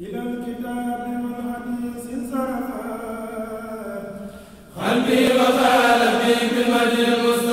إلى الكتاب والحديث انصرفا قلبي وقال في بالمجد المسلم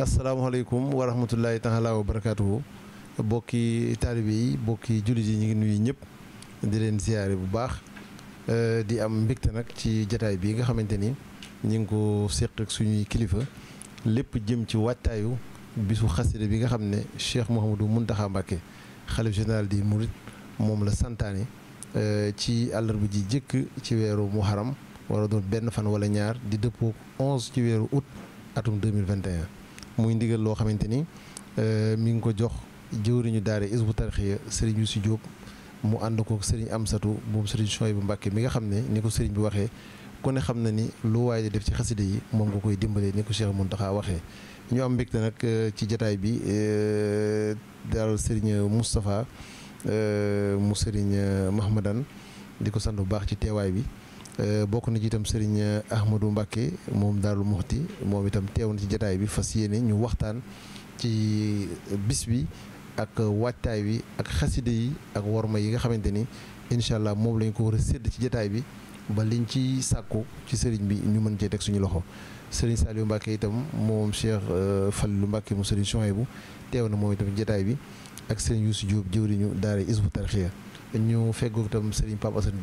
asalaamaaleykum wa rahmatullahi taala wa barakaatuhu bokki taalibe yi bokki jullit yi ñu ngi nuyu ñëpp di leen ziyaare bu baax euh, di am mbégte nag ci jataay bi nga xamante ni ñu ngi ko séq suñuy kilifa lépp jëm ci waajtaayu bisu xasida bi nga xam ne Cheikh Mouhamadou Mountakha Mbacké xalif général di Mouride moom la santaane euh, ci àllarba ji jëkk ci weeru muharam wara doon benn fan wala ñaar di dëppoo 11 ci weeru août atum 2021 muy ndigal loo xamante ni euh, mi ngi ko jox jëwriñu daara Hizbut Tarqiyyah sëriñ Youssou Diop mu ànd ko sëriñ Amsatu moom sëriñ bu Mbacké mi nga xam ne ni ko sëriñ bu waxee ku ne xam na ni lu waaye di def ci xasida yi moom nga koy dimbalee ni ko mun Mountakha waxee ñoo am mbégte nag euh, ci jataay bi euh, daal sëriñ Moustapha mu sëriñ Mahmadan di ko sant bu baax ci teewaay bi Euh, bokk na ci itam Serigne euh, Ahmadou Mbacké moom Daaru Muxti moom itam teew na ci jataay bi fas yéene ñu waxtaan ci bis bi ak waajtaay bi ak xaside yi ak worma yi nga xamante ni incha allah moom lañ ko war a sedd ci jataay bi ba liñ ci sàkku ci sëriñ bi ñu mën cee teg suñu loxo sëriñ Saliou Mbacké itam moom Cheikh euh, lu Mbacké mu sëriñ Souhaïbou teew na moom itam jataay bi ak sëriñ Youssou Diop jëwriñu daara Hizbut Tarqiyyah ñu feggoog itam sëriñ Pape Assane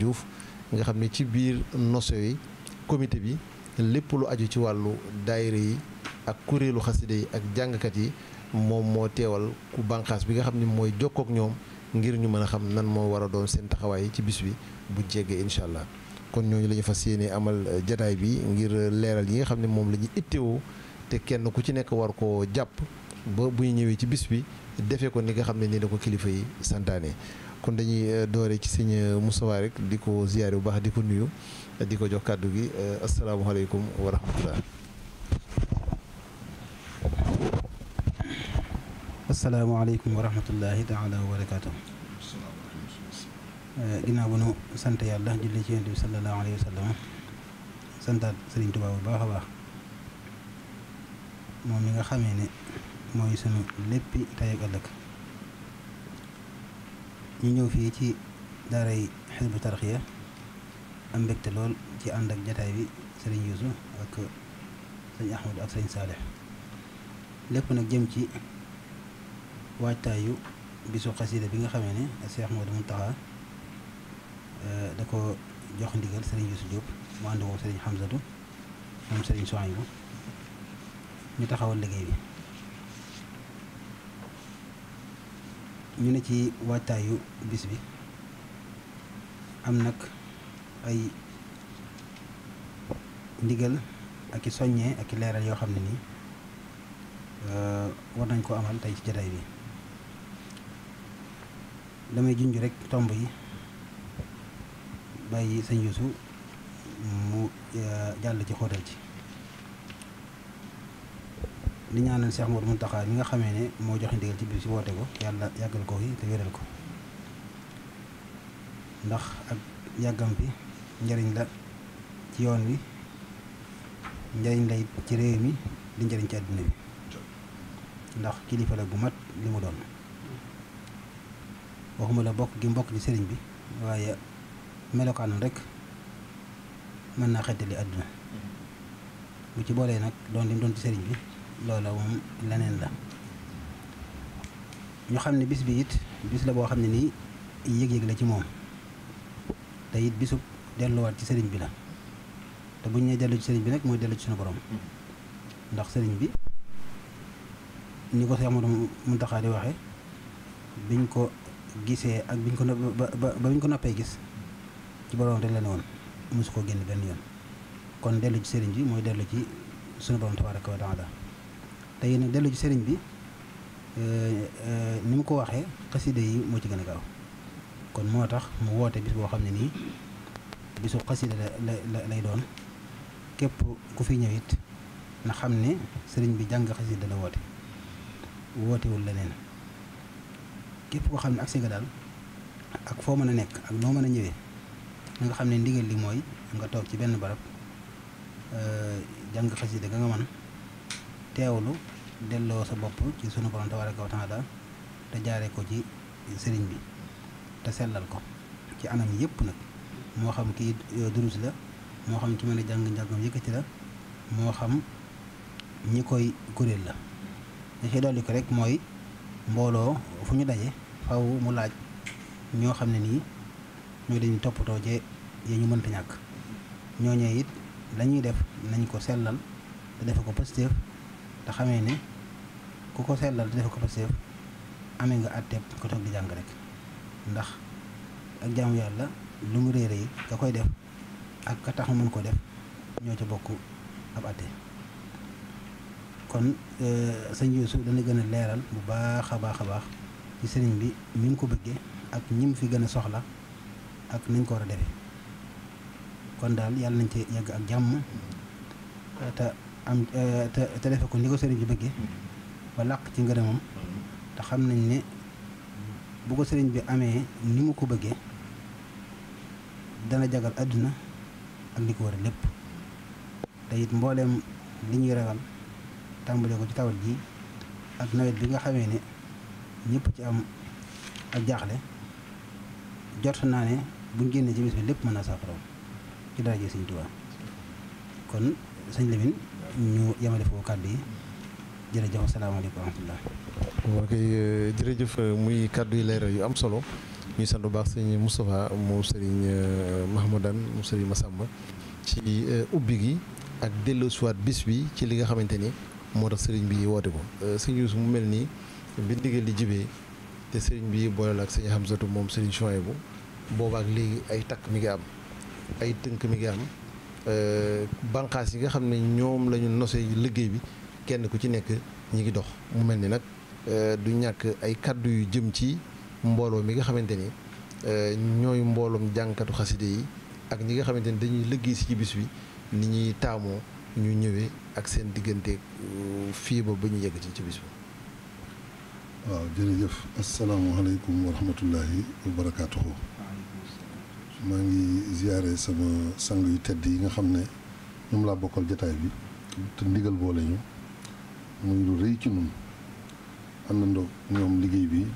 nga xam ne ci biir noso yi comité bi lépp lu aju ci wàllu daayira yi ak kuréelu xaside yi ak jàngkat yi moom moo teewal ku banqaas bi nga xam ne mooy jokkook ñoom ngir ñu mën a xam nan moo war a doon seen taxawaay ci bis bi bu jege incha allah kon ñooñu lañu ñu fas yéene amal jataay bi ngir leeral yi nga xam ne moom lañuy ñu te kenn ku ci nekk war koo jàpp ba bu ñu ñëwee ci bis bi defee ko ni nga xam ne nii ko kilifa yi santaane. kon dañuy euh, doore ci sëñ euh, Moustapha rek di ko ziyaare bu baax di ko nuyu di ko jox kàddu gi euh, asalaamaaleykum wa rahmatullah asalaamaaleykum wa rahmatullahi taala wa barakaatu ginnaaw bu nu sant yàlla julli ci yonent bi sallallahu alayhi wa sallam santaat Sëriñ Tuubaa baax a baax moom mi nga xamee ne mooy sunu léppi tey ak ëllëg ñu ñëw fii ci daaray xisbu tarxiya am mbégte lool ci ànd ak jataay bi sëriñ Yuusu ak sëriñ Ahmadu ak sëriñ Saalix lépp nag jëm ci waajtaayu bisu xasida bi nga xamee ne Cheikh Modou Mountakha da ko jox ndigal sëriñ Yuusu Jóob mu ànd ko sëriñ Xamsatu moom sëriñ Sohaybu ñu taxawal liggéey bi ñu ne ci waajtaayu bis bi am nag ay ndigal ak i soññee ak i leeral yoo xam ne nii euh, war nañ ko amal tey ci jataay bi damay junj rekk tomb yi bàyyi sëñ Yuusu mu euh, jàll ci xóotal ci di ñaanal Cheikh Modou taxaar mi nga xamee ne moo joxe ndigal ci biir si woote ko yàlla yàggal ko yi te wéral ko ndax ak yàggam bi njëriñ la ci yoon wi njëriñ la ci réew mi di njëriñ ci àdduna bi ndax kilifa la bu mat li mu doon waxuma la bokk gi mbokk ci sëriñ bi waaye melokaanam rekk mën naa xettali àdduna mm-hmm. bu ci boolee nag doon lim doon ci sëriñ bi loola moom leneen la ñu xam ne bis bi it bis la boo xam ne nii yëg-yëg la ci moom te it bisu delluwaat ci sëriñ bi la te buñ nee dellu ci sëriñ bi nag mooy dellu ci suñu borom ndax sëriñ bi ni ko Seex Amadu Muntaxa waxe biñ ko gisee ak biñ ko ba ko noppee gis ci borom rek la woon mosu koo génn benn yoon kon dellu ci sëriñ bi mooy dellu ci sunu borom tabaaraka wa tey nag dellu ci sëriñ bi eh, eh, ni mu ko waxee xasida yi moo ci gën a gaaw kon moo tax mu woote bis boo xam ne nii bisu xasida la la lay doon képp ku fi ñëw it na xam ne sëriñ bi jàng xasida la woote wootewul leneen képp koo xam ne ak si nga daal ak foo mën a nekk ak noo mën a ñëwee na nga xam ne ndigal li mooy nga toog ci benn barab eh, jàng xasida ga nga mën teewlu delloo sa bopp ci sunu borom tabaraka wa taala te jaare ko ci sëriñ bi te sellal ko ci anam yëpp nag moo xam kii durus la moo xam ci mën a jàng njàngam yëkkati la moo xam ñi koy kuréel la da ci rek mooy mbooloo fu ñu daje faw mu laaj ñoo xam ne nii ñoo dañuy toppatoo je yee ñu mënta ñàkk ñoo ñooñee it lañuy def nañ ko sellal te defe ko positif te xamee ne ku ko seetlal defe ko pasef amee nga àtteeb ko toog di jàng rek ndax ak jaamu yàlla lu mu réere yi ka koy def ak ka tax mu mën ko def ñoo ca bokk ab àtte kon euh, sëñ Yuusu dana gën a leeral bu baax a baax a baax ci sëriñ bi ni ko bëggee ak ñi mu fi gën a soxla ak nañ ko war a defee kon daal yàlla nañ ci yegg ak jàmm te am euh, te te defe ko ni ko sëriñ bi bëggee ba làq ci ngërëmam te xam nañ ne bu ko sëriñ bi amee ni mu ko bëggee dana jagal àdduna ak ni ko war a lépp te it mbooleem li ñuy ragal tàmbale ko ci tawal ji ak nawet bi nga xamee ni ñëpp ci am ak jaaxle jot naa ne buñ génnee ci bis bi lépp mën naa saafara ci daraje Sëriñ Tuubaa kon sëñ Lamine ñu yemale foofu kàddu yi jërëjëf asalaamaaleykum wa rahmatulah. ok euh, jërëjëf euh, muy kàddu yi leeral yu am solo ñuy sant bu baax sëñ Moustapha mu sëriñ euh, Mahmoudane mu sëriñ Massamba ci ubbi gi ak delloosiwaat bis bi ci li nga xamante ni moo tax sëriñ bi woote ko sëñ Youssou mu mel nii bi ndigal li jibee te sëriñ bi booleel ak sëñ Hamzatu moom sëriñ Chouaïbou boobaak léegi ay takk mi ngi am ay tënk mi ngi am. Euh, banqaas yi nga xam ne ñoom lañu ñu nosee liggéey bi kenn ku ci nekk ñi ngi dox mu mel ni nag euh, du ñàkk ay kàddu yu jëm ci mbooloo mi nga xamante ni euh, ñooy mbooloom jànkatu xaside yi ak ñi nga xamante ni dañuy liggéey si ci bis bi ni ñuy taamoo ñu ñëwee ak seen diggante fii ba ba ñu yegg ci ci bis bi. waaw jërëjëf asalaamaaleykum wa rahmatullahi wa barakaatuhu. maa ngi ziare sama sang yu tedd yi nga xam ne ñoom laa bokkal jataay bi te ndigal boole ñu muy lu rëy ci am na àndandoo ñoom liggéey bi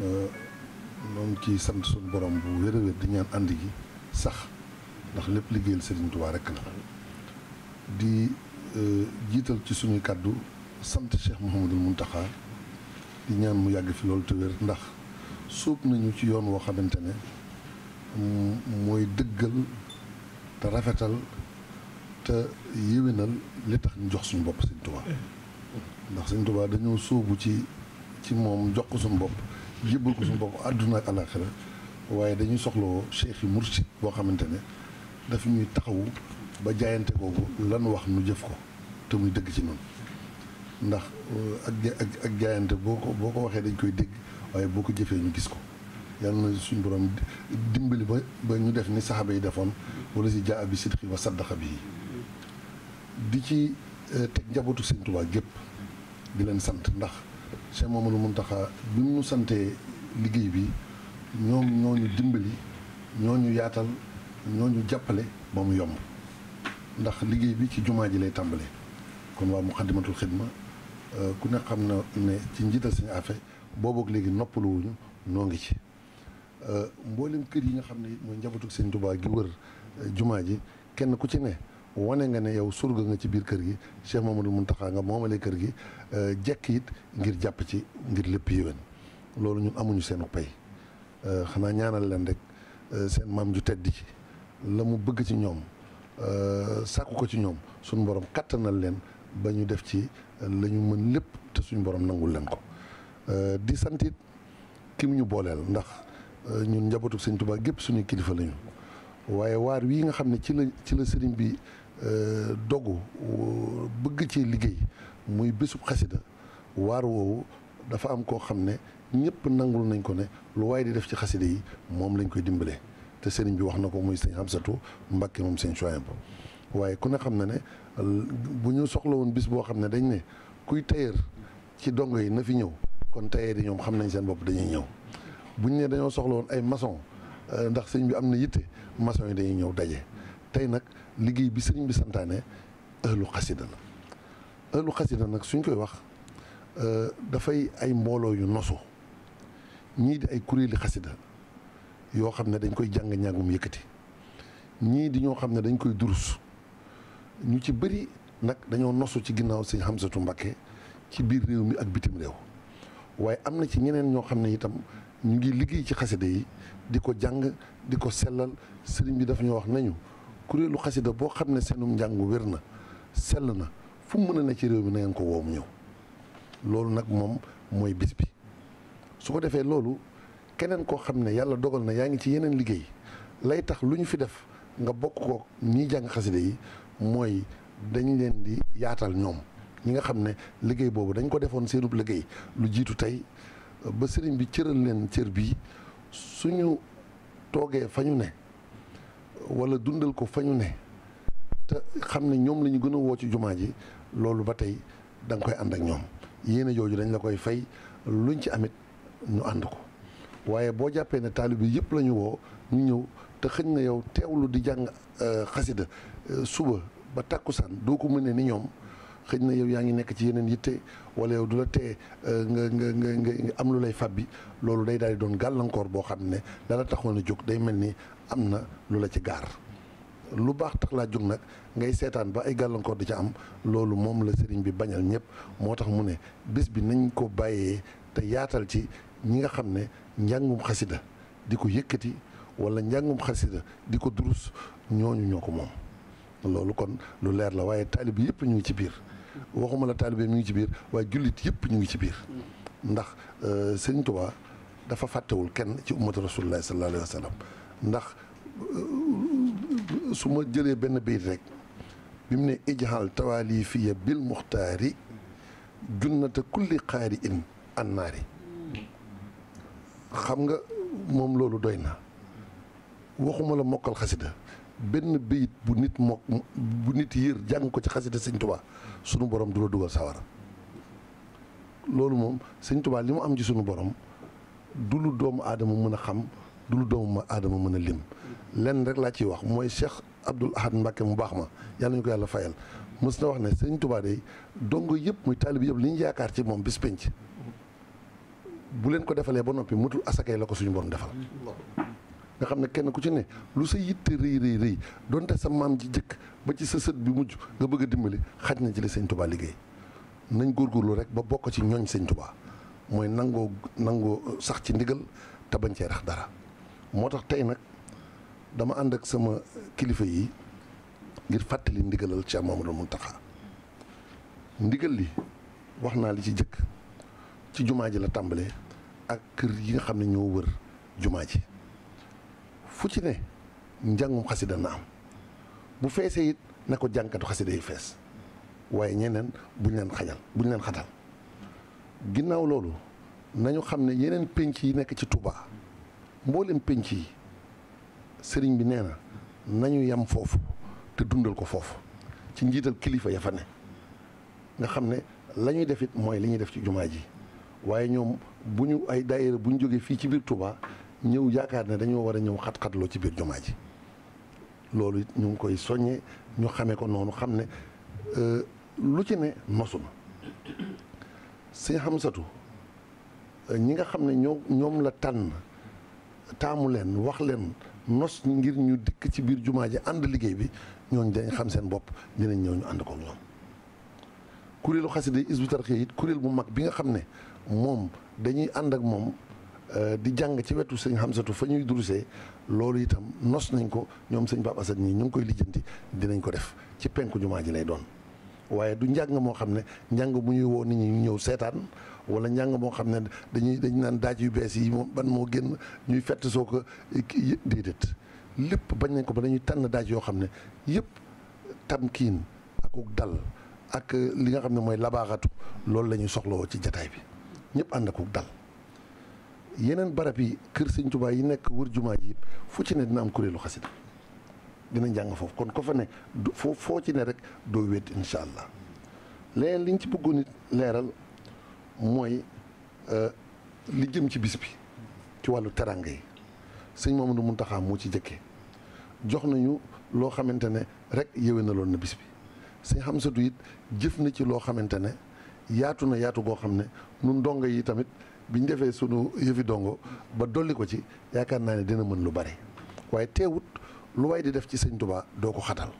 euh, ñoom ci sant suñu borom bu wér wér di ñaan ànd gi sax ndax lépp liggéeyal Serigne Touba rek la di euh, jiital ci suñuy kàddu sant Cheikh Mouhamadul Mountakha di ñaan mu yàgg fi loolu te wér ndax sóob nañu ci yoon woo xamante ne mooy dëggal te rafetal te yéwénal li tax ñu jox suñu bopp Sëñ Tuubaa ndax Sëñ Tuubaa dañoo sóobu ci ci moom jox ko suñu bopp jébbal ko suñu bopp àdduna ak àllaaxira waaye dañuy soxlawoo cheikh yi mursid boo xamante ne daf ñuy taxawu ba jaayante boobu lan wax nu jëf ko te muy dëgg ci noonu ndax euh, ak ak ak jaayante boo ko boo ko waxee dañ koy dégg waaye boo ko jëfee ñu gis ko yal na suñu borom dimbali ba ba ñu def ni saxaaba yi defoon wala si jaa bi sidqi wa saddaqa bi di ci eh, teg njabootu Sëñ Tuubaa gépp di leen sant ndax Cheikh mun Muntaxa bi mu santee liggéey bi ñoom ñoo ñu dimbali ñoo ñu yaatal ñoo ñu jàppale ba mu yomb ndax liggéey bi ci jumaa ji lay tàmbale kon waa Muxaddamatul Xidma eh, ku ne xam na ne ci njiital Sëñ Afe boobu ak léegi noppaluwuñu noo ngi ci Euh, mboolem kër yi nga xam ne mooy njabootug sëñ Tuubaa gi wër euh, jumaa ji kenn ku ci ne wane nga ne yow surgo nga ci biir kër gi Cheikh Mamadou Muntaxa nga moomale kër gi euh, jekk yit ngir jàpp ci ngir lépp yéwén loolu ñu amuñu seen pay xanaa ñaanal leen rek seen maam ju tedd ci la mu bëgg ci ñoom sàkku ko ci ñoom suñu borom kattanal leen ba ñu def ci lañu mën lépp te suñu borom nangul leen ko di santit kim ñu booleel ndax Euh, ñun njabootu sëñ Tuubaa gépp suñu kilifa lañu waaye waar wii nga xam ne ci la ci la sëriñ bi euh, dogu euh, bëgg ci liggéey muy bésub xasida waar woowu dafa am koo xam ne ñëpp nangul nañ ko ne lu waaye di def ci xasida yi moom lañ koy dimbale te sëriñ bi wax na ko muy sëñ Hamsatu Mbàkke moom sëñ Suwayb waaye ku ne xam na ne bu ñu soxla woon bis boo xam ne dañ ne kuy tailleur ci dongo yi na fi ñëw kon tailleur ñoom xam nañ seen bopp dañuy ñëw bu ñu nee dañoo soxla woon ay maçon euh, ndax sëñ bi am na yitte maçon yi dañuy ñëw daje tey nag liggéey bi sëriñ bi santaane ëllu xasida la ëllu xasida nag suñ koy wax euh, dafay ay mbooloo yu nosu ñii di ay kuréeli xasida yoo xam ne dañ koy jàng ñàngum yëkkati ñii di ñoo xam ne dañ koy durus ñu ci bëri nag dañoo nosu ci ginnaaw sëñ Hamsatu Mbakke ci biir réew mi ak bitim réew waaye am na ci ñeneen ñoo xam ne itam ñu ngi liggéey ci xasida yi di ko jàng di ko sellal sëriñ bi daf ñoo wax nañu kuréelu xasida boo xam ne seenum njàngu wér na sell na fu mën na ne ci réew mi na ngeen ko woo mu ñëw loolu nag moom mooy bis bi su ko defee loolu keneen koo xam ne yàlla dogal na yaa ngi ci yeneen liggéey lay tax lu ñu fi def nga bokk ko ñiy jàng xasida yi mooy dañ leen di yaatal ñoom ñi nga xam ne liggéey boobu dañ ko defoon seenub liggéey lu jiitu tey ba sëriñ bi cëral leen cër bii su ñu toogee fa ñu ne wala dundal ko fa ñu ne te xam ne ñoom la ñu gën a woo ci jumaa ji loolu ba tey da koy ànd ak ñoom yéen a jooju dañ la koy fay luñ ci amit ñu ànd ko waaye boo jàppee ne taalib yi yëpp la woo ñu ñëw te xëñ na yow teewlu di jàng euh, xasida euh, suba ba tàkkusaan doo ko mën mënee ni ñoom xëj na yow yaa ngi nekk ci yeneen yitte wala yow du la tee euh, nga nga nga nga am lu lay bi loolu day daal di doon gàllankoor boo xam ne dala taxoon a jóg day mel ni am na lu la ci gaar lu baax tax laa jóg nag ngay seetaan ba ay gàllankoor di ci am loolu moom la sëriñ bi bañal ñëpp moo tax mu ne bés bi nañ ko bàyyee te yaatal ci ñi nga xam ne njàngum xasida di ko yëkkati wala njàngum xasida di ko durus ñooñu ñoo ko moom loolu kon lu leer la waaye taalib yëpp ñu ngi ci biir waxuma la taalibe mi ngi ci biir waaye jullit yëpp ñu ngi ci biir ndax sëñ Tuubaa dafa fàttewul kenn ci ummatu rasulullah sallallahu alayhi wa sallam ndax su ma jëlee benn bayit rek bi mu ne ijhal tawaali fiya bil muxtaari junnata kulli xaari in annaari xam nga moom loolu doy na waxuma la mokkal xasida benn béyit bu nit mokk bu nit yër jàng ko ci xasida sëñ tubaa sunu borom du la dugal sawara loolu moom sëñ tubaa li mu am ci sunu borom du lu doomu aadama mën a xam du lu doomu aadama mën a lim lenn rek laa ciy wax mooy Cheikh Abdoul Ahad Mbacke mu baax ma yàlla ñu ko yàlla fayal mës na wax ne sëñ tubaa day dongo yëpp muy taalib yëpp liñ ñu yaakaar ci moom bis penc bu leen ko defalee ba noppi mutul asakay la ko suñu borom defal nga xamne kenn ku ci ne lu sa yitte rëy rëy rëy donte sa mam ji jek ba ci sa sët bi mujj nga bëgg dimbali xajna ji le seigne touba liggey nañ gor gor lu rek ba bok ci ñooñ seigne touba moy nango nango euh, sax ci ndigal ta bañ ci rax dara motax tay nak dama and ak sama kilifa yi ngir fatali ndigalal Cheikh Mamadou muntaha ndigal li waxna li ci jek ci jumaaji la tambalé ak kër yi nga xam ñoo wër jumaaji fu ci ne njàngum xasida na am bu feesee it na ko jànkatu xasida yi fees waaye ñeneen buñ leen xajal buñ leen xatal ginnaaw loolu nañu xam ne yeneen pénc yi nekk ci Touba mboolem pénc yi sëriñ bi nee na nañu yam foofu te dundal ko foofu ci njiital kilifa ya ne nga xam ne la ñuy def it mooy li ñuy def ci jumaa ji waaye ñoom bu ñu ay daayira bu ñu jógee fii ci biir Touba ñëw yaakaar ne dañoo war a ñëw xat-xatloo ci biir jumaa ji loolu it ñu ngi koy soññe ñu xamee ko noonu xam ne euh, lu ci ne nosu na si satu ñi nga xam ne ñoo ñoom la tànn taamu leen wax leen nos ngir ñu dikk ci biir jumaa ji ànd liggéey bi ñooñ dañ xam seen bopp dinañ ñëw ñu ànd ko ñoom kuréelu xasida Hizbut Tarqiyyah it kuréel bu mag bi nga xam ne moom dañuy ànd ak moom Euh, di jàng ci wetu sëñ Hamsatu fa ñuy durusee loolu itam nos nañ ko ñoom sëñ Pape Assane ñi ñu ngi koy lijjanti dinañ ko def ci penku jumaa ji lay doon waaye du njàng moo xam ne njàng mu ñuy woo nit ñi ñu ñëw seetaan wala njang moo xam ne dañuy dañ naan daaj yu bees yi moom ban moo génn ñuy fett soo ko déedéet lépp bañ nañ ko ba dañuy tànn daaj yoo xam ne yëpp tamkiin akuk dal ak li nga xam ne mooy labaaxatu loolu la ñuy soxlawoo ci jataay bi ñëpp ànd akuk dal yeneen barab yi kër sëñ Tuubaa yi nekk wër jumaa ji yëpp fu ci ne dina am kuréelu xasida dina jàng foofu kon ko fa ne foo foo ci ne rek doo wéet incha allah leneen liñ ci bëggoon it leeral mooy euh, li jëm ci bis bi ci wàllu teranga yi sëñ Mamadou Muntaxa moo ci jëkkee jox nañu loo xamante ne rek yéwénaloon na bis bi sëñ Xamsatu it jëf na ci loo xamante ne yaatu na yaatu goo xam ne nun ndongo yi tamit bi ñu defee sunu yëfi dongo ba dolli ko ci yaakaar naa ne dina mën lu bari waaye teewut lu waay di def ci sëñ Tuubaa doo ko xatal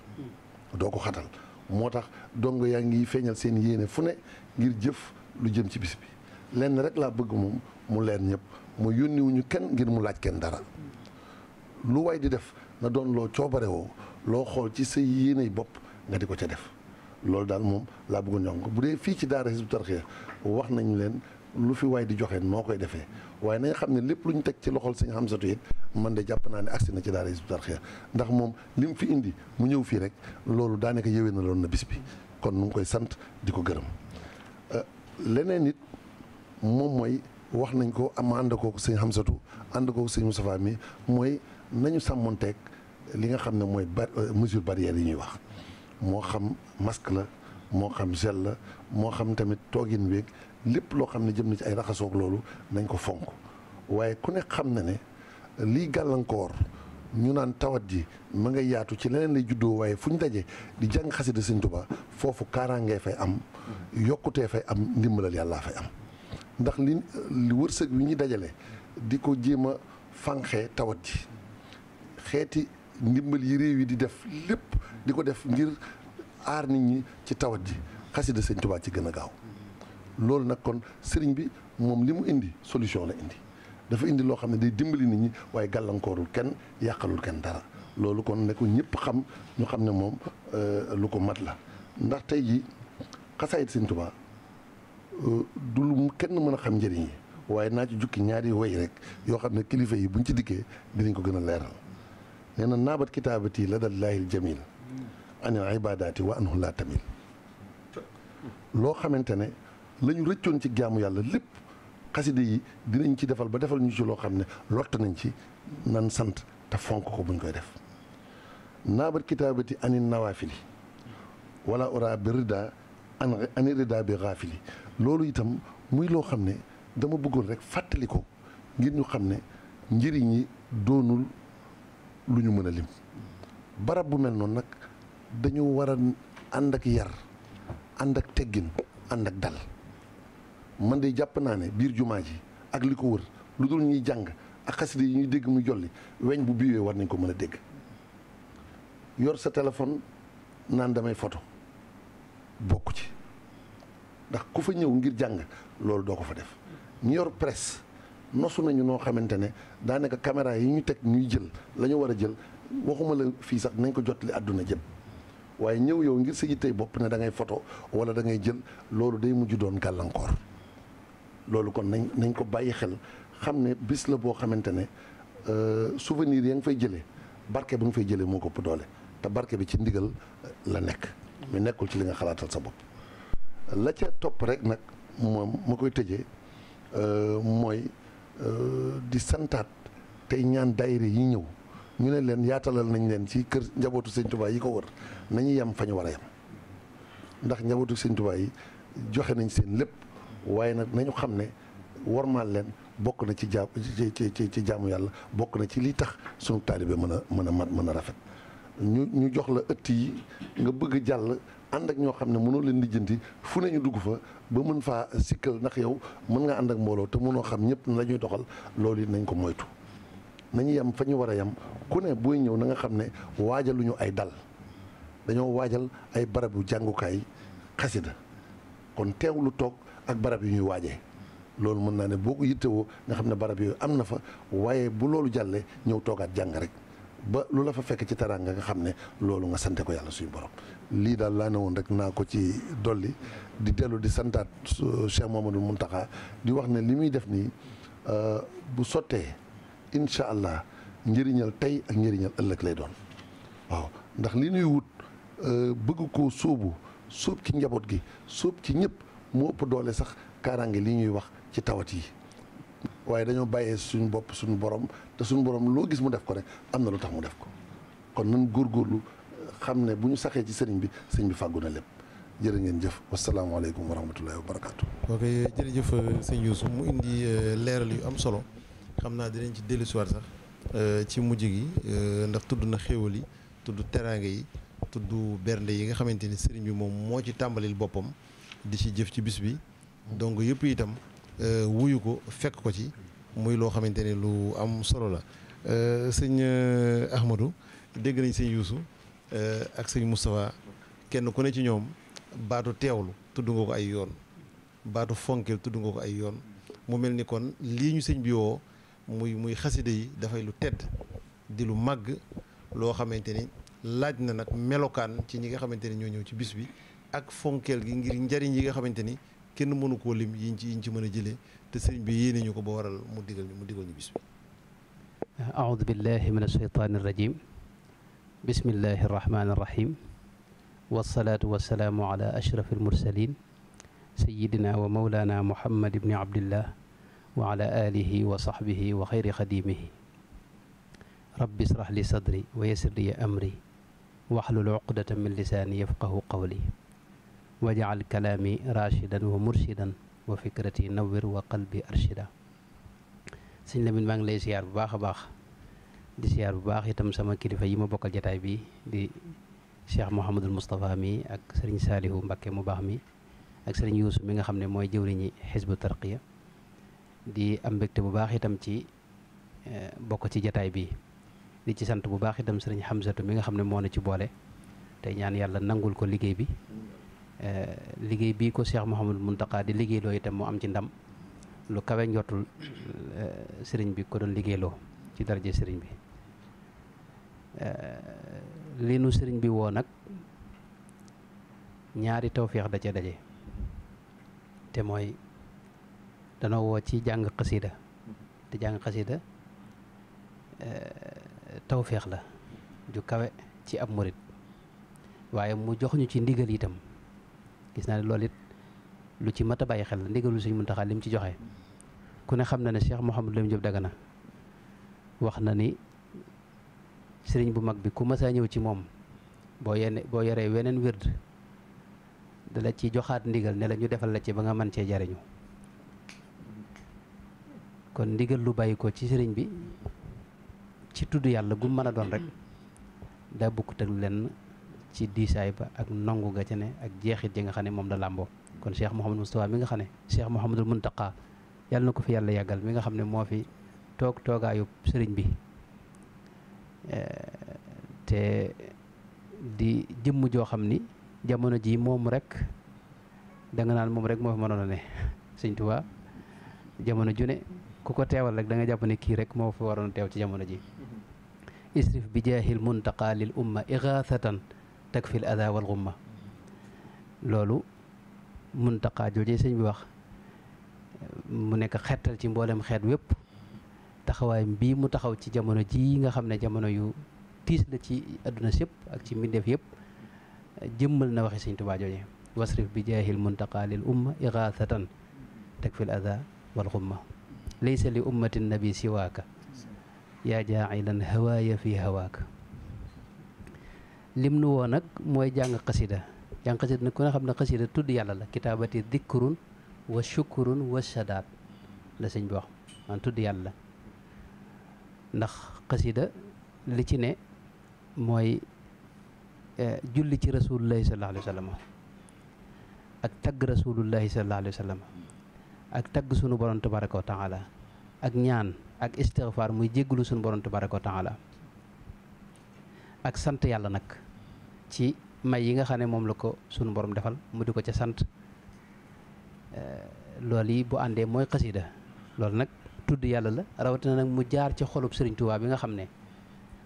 doo ko xatal moo tax dongo yaa ngi feeñal seen yéene fu ne ngir jëf lu jëm ci bis bi lenn rek laa bëgg moom mu leen ñëpp mu yónniwuñu kenn ngir mu laaj kenn dara lu waay di def na doon loo coobare woo loo xool ci sa yéeney bopp nga di ko ca def loolu daal moom laa bëggoon ñox ko bu dee fii ci daara Hizbut Tarqiyyah wax leen lu fi waay di joxe noo koy defee waaye nañ xam ne lépp lu ñu teg ci loxol sëñ Hamsatu it man de jàpp naa ne agsi na ci daara Hizbut Tarqiyyah ndax moom li mu fi indi mu ñëw fii rek loolu daanaka yëwee na loon na bis bi kon nu ngi koy sant di ko gërëm euh, leneen nit moom mooy wax nañ ko ama ànd kooku sëñ Hamsatu ànd kooku sëñ Moustapha mi mooy nañu sàmmonteeg li nga xam ne mooy euh, mesure barrière yi ñuy wax moo xam masque la moo xam gel moo xam tamit toogin beeg lépp loo xam ne jëm na ci ay raxasoog loolu nañ ko fonk waaye ku nekk xam na ne lii gàllankoor ñu naan tawat ji ma nga yaatu ci leneen lay juddoo waaye fu ñu dajee di jàng xasida Sëñ Tuubaa foofu kaaraangee fay am yokkutee fay am ndimbalal yàllaa fay am ndax li li wërsëg wi ñuy dajale di ko jéem a fanqee tawat ji xeeti ndimbal yi réew yi di def lépp di ko def ngir aar nit ñi ci tawat ji xasida sëñ Tuubaa ci gën a gaaw loolu nag kon sëriñ bi moom li mu indi solution la indi dafa indi loo xam ne day dimbali nit ñi waaye gàllankoorul kenn yàqalul kenn dara loolu kon ne ko ñëpp xam ñu xam ne moom euh, lu ko mat la ndax tey ji xasaayit sëñ Tuubaa euh, du lu kenn mën a xam njëriñ yi waaye naa ci jukki ñaari way rek yoo xam ne kilifa yi buñ ci dikkee dinañ ko gën a leeral nee na naabat kitaabat yi la dal laahil jamil anil ibadaati wa anhu laa tamil loo xamante ne la rëccoon ci jaamu yàlla lépp xasida yi dinañ ci defal ba defal ñu ci loo xam ne lott nañ ci nan sant te fonk ko buñ koy def naabat kitaabati anil nawaafili wala ora bi rida ani rida bi xaafili loolu itam muy loo xam ne dama bëggoon rek fàttali ko ngir ñu xam ne njëriñ yi doonul lu ñu mën a lim barab bu mel noonu nag dañu waran and ak yar and ak teggin and ak dal man de japp naane bir biir ji ak liko wër luddul ñi jang ak xassidi ñi mu jolli weñ bu biwe war nañ ko mëna yor sa téléphone naan damay photo bokku ci ndax ku fa ñew ngir jang lool do ko fa def ñi yor presse nosu nañu no xamantene da naka caméra yi ñu tek ñuy jël la wara jël waxuma la fi sax nañ ko jotali aduna jëm waaye ñëw yow ngir sa yittey bopp ne dangay foto photo wala da ngay jël loolu day mujj doon gàllankoor loolu kon nañ nañ ko bàyyi xel xam ne bis la boo xamante ne euh, souvenir ya nga fay jëlee barke ba nga fay jëlee moo ko ëpp doole te barke bi ci ndigal euh, la nekk mu nekkul ci li nga xalaatal sa bopp la ca topp rek nag moom ma koy tëjee euh, mooy di santaat tey ñaan daayira yi ñëw ñu ne leen yaatalal nañ leen ci kër njabootu sëñ Tuubaa yi ko wër nañu yem fa ñu war a yem ndax njabootu sëñ Tuubaa yi joxe nañ seen lépp waaye nag nañu xam ne warmaal leen bokk na ci jaam ci ci ci jaamu yàlla bokk na ci li tax sunu taalibe mën a mën a mat mën a rafet ñu ñu jox la ëtt yi nga bëgg jàll ànd ak ñoo xam ne mënoo leen lijjanti fu ne ñu dugg fa ba mën faa sikkal ndax yow mën ngaa ànd ak mbooloo te mënoo xam ñëpp na la ñuy doxal loolu it nañ ko moytu. nañu yam fañu wara yam ku ne boy ñew na nga xamne wajal waajaluñu ay dal dañu wajal ay barabu jàngukaay khassida kon tewlu tok ak barab yu ñuy wajé loolu mën na ne boku ko yittewoo nga xamne ne barab yu amna fa waaye bu loolu jàllee ñew togaat jang rek ba lu la fa fekk ci taranga nga xamne loolu nga sante ko yalla suñu borom li dal la rek na ko ci dolli di delu di santat euh, Cheikh Mamadou muntaha di wax ne li def ni euh bu incha allah njëriñal tey ak njëriñal ëllëg lay doon waaw ndax li ñuy wut euh, bëgg ko sóobu sóob ci njaboot gi sóob ci ñëpp mu ëpp doole sax kaaraange li ñuy wax ci tawat yi waaye dañoo bàyyee suñu bopp suñu borom te suñu borom loo gis mu def ko rek am na lu tax mu def ko kon nan góor góorlu xam ne bu ñu saxee ci sëriñ bi sëñ bi fàggu na lépp jërë ngeen jëf wasalaamaaleykum wa rahmatullahi wa barakaatu. ok jërëjëf euh, sëñ Youssou mu indi euh, leeral yu am solo. xam naa dinañ ci dellu soir sax euh, ci mujj gi euh, ndax tudd na xéwal yi tudd teraange yi tudd bernde yi nga xamante ni sëriñ bi moom moo ci tàmbalil boppam di ci jëf ci bis bi donc yëpp itam euh, wuyu ko fekk ko ci muy loo xamante ni lu am solo la sëñ Ahmadou dégg nañ sëñ Youssou ak sëñ Moustapha kenn ku ne ci ñoom baatu teewlu tudd nga ko ay yoon baatu fonkel tudd nga ko ay yoon mu mel ni kon lii ñu sëñ bi woo muy muy xasida yi da fay lu tedd di lu mag lo xamanteni laaj na nak melokan ci ñi nga xamanteni ñoo ñëw ci bis bi ak fonkel gi ngir njariñ yi nga xamanteni kenn mënu ko lim yiñ ci yiñ ci mëna jëlé te sëriñ bi yéne ñuko bo waral mu digal mu digal ñu bis bi a'udhu billahi minash shaitanir rajim بسم الله الرحمن الرحيم والصلاة والسلام على أشرف المرسلين سيدنا ومولانا محمد بن عبد الله وعلى آله وصحبه وخير خديمه رب اشرح لي صدري ويسر لي أمري واحلل عقدة من لساني يفقه قولي واجعل كلامي راشدا ومرشدا وفكرتي نور وقلبي أرشدا سيدنا من بانغ لي سيار باخ باخ دي سيار باخ يتم سما كلفة يما بوكال جتاي دي شيخ محمد المصطفى مي أكسرين سرين ساليه مباكي مباخ أكسرين يوسف ميغا خمني موي جوريني حزب الترقيه di am mbégte bu baax itam ci eh, bokk ci jataay bi di ci sant bu baax itam sëriñ Hamsatu mi nga xam ne moo na ci boole tey ñaan yàlla nangul ko liggéey bi eh, liggéey bii ko Cheikh Mouhamadou Mountakha di liggéeyloo itam mu am ci ndam lu kawe njottul eh, sëriñ bi ko doon liggéeyloo ci daraje sëriñ bi li nu sëriñ bi woo nag ñaari tawféex da ca daje te mooy danoo woo ci jàng xasida te jàng xasida eh, tawféex la ju kawe ci ab murit waaye mu jox ñu ci ndigal yitam gis naa ne loolu it lu ci mat bàyyi xel la ndigalul Sëñ Muntaxa li mu ci joxe ku ne xam na ne Cheikh Mouhamadou Lamine daga na wax na ni sëriñ bu mag bi ku mës a ñëw ci moom boo yene boo yoree weneen wird dala ci joxaat ndigal ne la ñu defal la ci ba nga man cee jariñu kon ndigal lu bayiko ko ci serigne bi ci tuddu yalla gum meuna don rek da bukk tak len ci disay ba ak nangu ga ci ne ak jeexit yi ya nga xane mom da lambo kon cheikh mohammed mustafa mi nga xane cheikh mohamadul muntaqa yalla nako fi yalla yagal mi nga xamne mo fi tok toga yu serigne bi eh, te di jëm jo xamni jamono ji mom rek da nga nan mom rek mo fi meuna ne serigne touba jamono ju ku ko teewal rek da nga jàpp ne kii rek moo fi waroon teew ci jamono ji isrif bi jaahil muntaqa lil umma igaasatan takfil adaa wal gumma loolu muntaqa joojee sëñ bi wax mu nekk xettal ci mboolem xeet wépp taxawaay bii mu taxaw ci jamono ji nga xam ne jamono yu tiis la ci àdduna sépp ak ci mbindeef yëpp jëmmal na waxi sëñ Tuubaa jooje wasrif bi jaahil muntaqa lil umma igaasatan takfil adaa wal laysa li ummati nabi siwaaka yaa jaacilan hawaaya fi hawaaka lim nu woo nag mooy jàng xasida jàng xasida nag ku ne xam ne xasida tudd yàlla la kitaabati dikkurun wa shukurun wa sadaat la sëñ bi wax man tudd yàlla ndax xasida li ci ne mooy e, julli ci rasulullahi sallallahu alayhi wa sallam ak tagg rasulullahi sallallahu alayhi wa sallam ak tag suñu borom tabaaraku taala ak ñaan ak istighfar muy jéggulu suñu borom tabaaraku taala ak sant yalla nak ci may yi nga xane mom la ko sunu borom defal mu diko ci sant eh, loolu yi bu andé moy qasida loolu nak tudd yalla la rawatina nak mu jaar ci xolub serigne touba bi nga xamné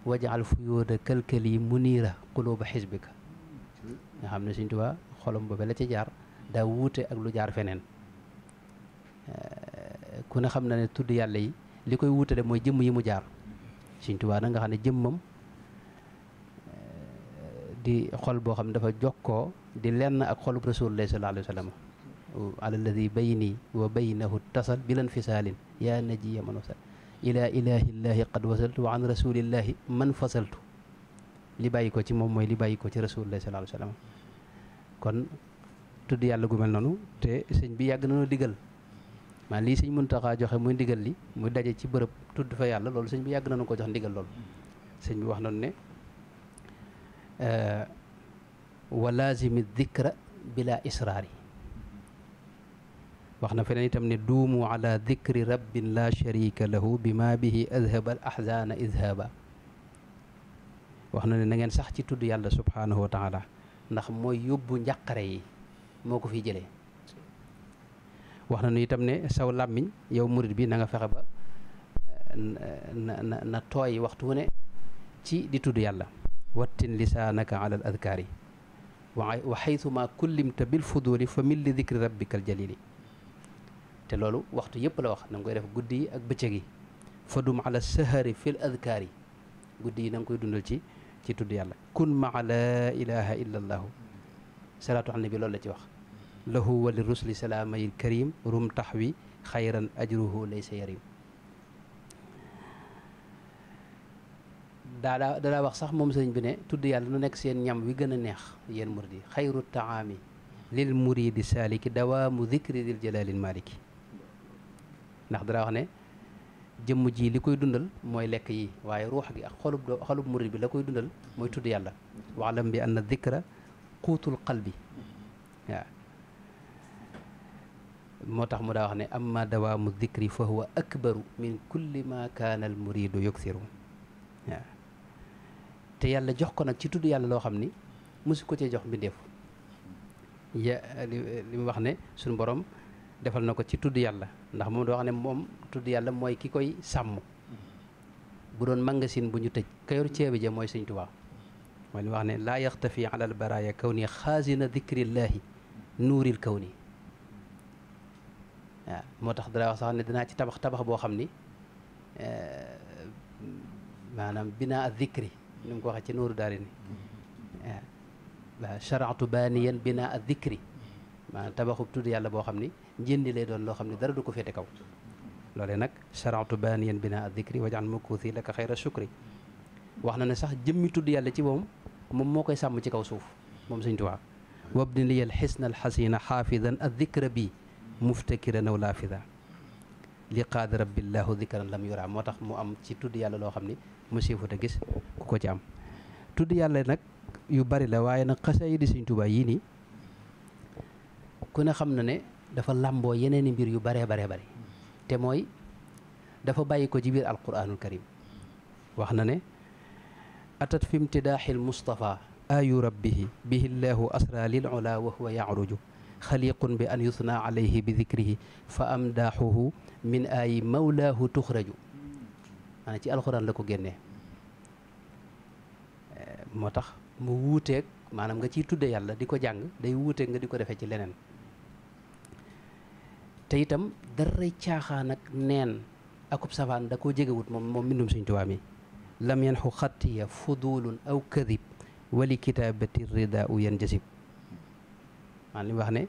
waj'al fuyuda kalkali munira qulub hizbika nga xamné serigne touba xolum bobé la ci jaar da wuté ak lu jaar fenen Eh, ku ne xam na ne tudd yàlla yi li koy wutale mooy jëmm yi mu jaar Sëñ Tuubaa nag nga xam ne jëmmam eh, di xol boo xam ne dafa jokkoo di lenn ak xolub rasulullah sallallahu alayhi wa sallam ala alladi bayni wa baynahu tasal bilan fisaalin yaa najiya man wasal ila ilahillahi qad wasaltu wa an rasulillahi man fasaltu li bàyyi ko ci moom mooy li bàyyi ko ci rasulullah sallallahu alayhi wa sallam kon tudd yàlla gu noonu te sëñ bi yàgg nañoo digal man li seigne Muntaxa joxe muy ndigal li muy dajje ci beurep tuddu fa yàlla lolou seigne bi yag nañu ko jox ndigal lolou seigne bi wax nañu ne euh wa lazim adh-dhikra bila israr wax na feneen itam ne dumu ala dhikri rabbin la sharika lahu bima bihi adhaba al ahzan izhaba wax na ne na ngeen sax ci tuddu yàlla subhanahu wa taala ndax moy yóbbu njàqare yi moko fi jele wax na nu itam ne saw làmmiñ yow murit bi nga fexe ba na na waxtu wu ci di tudd yàlla wattin lisaanaka ala al adkaari wa xaytuma kullimta bil fuduli fa min li dicri rabbika al jalili te loolu waxtu yëpp la wax na nga def guddi ak bëccëg fadum ala sahari fil adkaari guddi yi na nga koy dundal ci ci tudd yàlla kun maa la ilaha illa allahu salaatu ala nabi loolu la ci wax له وللرسل سلام الكريم روم تحوي خيرا اجره ليس يريم دا لا دا لا واخ صاح موم سيرن بي نه سين نيام وي غنا نيه مردي خير الطعام للمريد سالك دوام ذكر ذي الجلال المالك ناخ دراخ نه جيم جي ليكوي دوندال موي ليك يي واي روح مريد بي لاكوي دوندال موي تود وعلم بان الذكر قوت القلب moo tax mu daa wax ne amma dawaamu dikri fa huwa akbaru min kulli ma kaana al muridu yuksiru waaw te yàlla jox ko nag ci tudd yàlla loo xam ni mosu ko cee jox mbindeef ya li mu wax ne suñu borom defal na ko ci tudd yàlla ndax moom da wax ne moom tudd yàlla mooy ki koy sàmm bu doon magasin bu ñu tëj kayor ceebi ja mooy sëñ Tuubaa mooy li wax ne laa yaxtafi ala al baraaya kaw ni xaasina dikrillahi nuuril kaw ni waaw moo tax dara wax sax ne dinaa ci tabax tabax boo xam ni maanaam binaa ak zikri ni mu ko waxee ci nooru daari ni waaw charatu baaniyan binaa ak zikri maanaam tabaxub tudd yàlla boo xam ni njëndi lay doon loo xam ne dara du ko féete kaw loolee nag charatu baaniyan binaa ak zikri wajaan makuusi laka xayra shukri wax na ne sax jëmmi tudd yàlla ci moom moom moo koy sàmm ci kaw suuf moom sëñ Tuubaa wabni liyal xisna alxasina xaafidan ak zikra bii مفتكرا ولافذا لقاد رب الله ذكرا لم يرى موتاخ مو ام سي تود يالا لو خامني مسيفو دا غيس كوكو تي ام تود يالا نك يو بري لا واي نك خاساي دي سيني توبا يني كونا خامنا ني دا فا لامبو يينيني مبير يو بري بري بري تي موي دا فا بايكو جي بير القران الكريم واخنا ني اتت في امتداح المصطفى اي ربه به الله اسرى للعلا وهو يعرج خليق بأن يثنى عليه بذكره فأمدحه من أي مولاه تخرج أنا تي القرآن لكو جنة آه، متخ موتك ما أنا مغتي تود يلا ديكو جان دي ووتك غدي كو دفتش لنن تيتم دري تشاخانك نين أكوب سافان دكو جيغوت مومينوم سين توامي لم ينحو خطي فضول أو كذب ولكتابة الرداء ينجذب maanaam li wax ne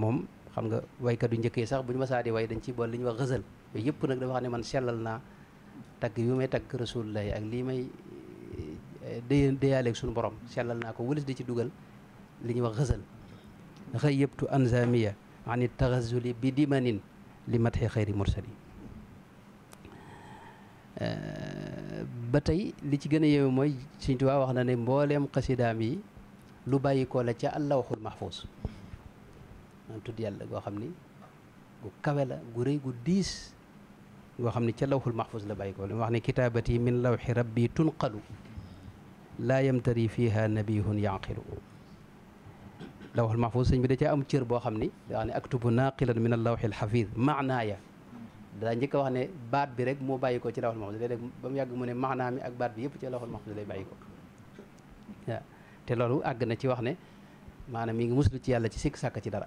moom xam nga waykat yu njëkk yi sax bu ñu masaa di way dañ ciy boole li ñuy wax xësal yooyu yëpp nag dafa wax ne man sellal naa tagg yu may tagg rasulullah ak lii may eh, déy suñu borom sellal naa ko wëlis di ci dugal li ñuy wax xësal xëyyëbtu anzamiya ani taxazuli bi dimanin li matxi xayri mursali eh, ba tey li ci gën a yéeme mooy Sëñ waa wax na ne mbooleem xasidaam yi lu bàyyi la ca àllawxul mahfuus tudd yàlla goo xam ni gu kawe la gu rëy gu diis goo xam ni ca lawxul mahfuz la bàyyi ko li mu wax ne kitaabati min lawxi rabbi tunqalu laa yamtari fiha nabihun yanqilu lawxul mahfuz sëñ bi da caa am cër boo xam ni da wax ne aktubu naqilan min allawxi alxafiz maanaaya daa njëkk a wax ne baat bi rek moo bàyyi ko ci lawxul mahfuz léeg-léeg ba mu yàgg mu ne maanaa mi ak baat bi yëpp ci lawxul mahfuz lay bàyyi ko waaw te loolu àgg na ci wax ne maanaam mi ngi muslu ci yàlla ci sikk sàkk ci dara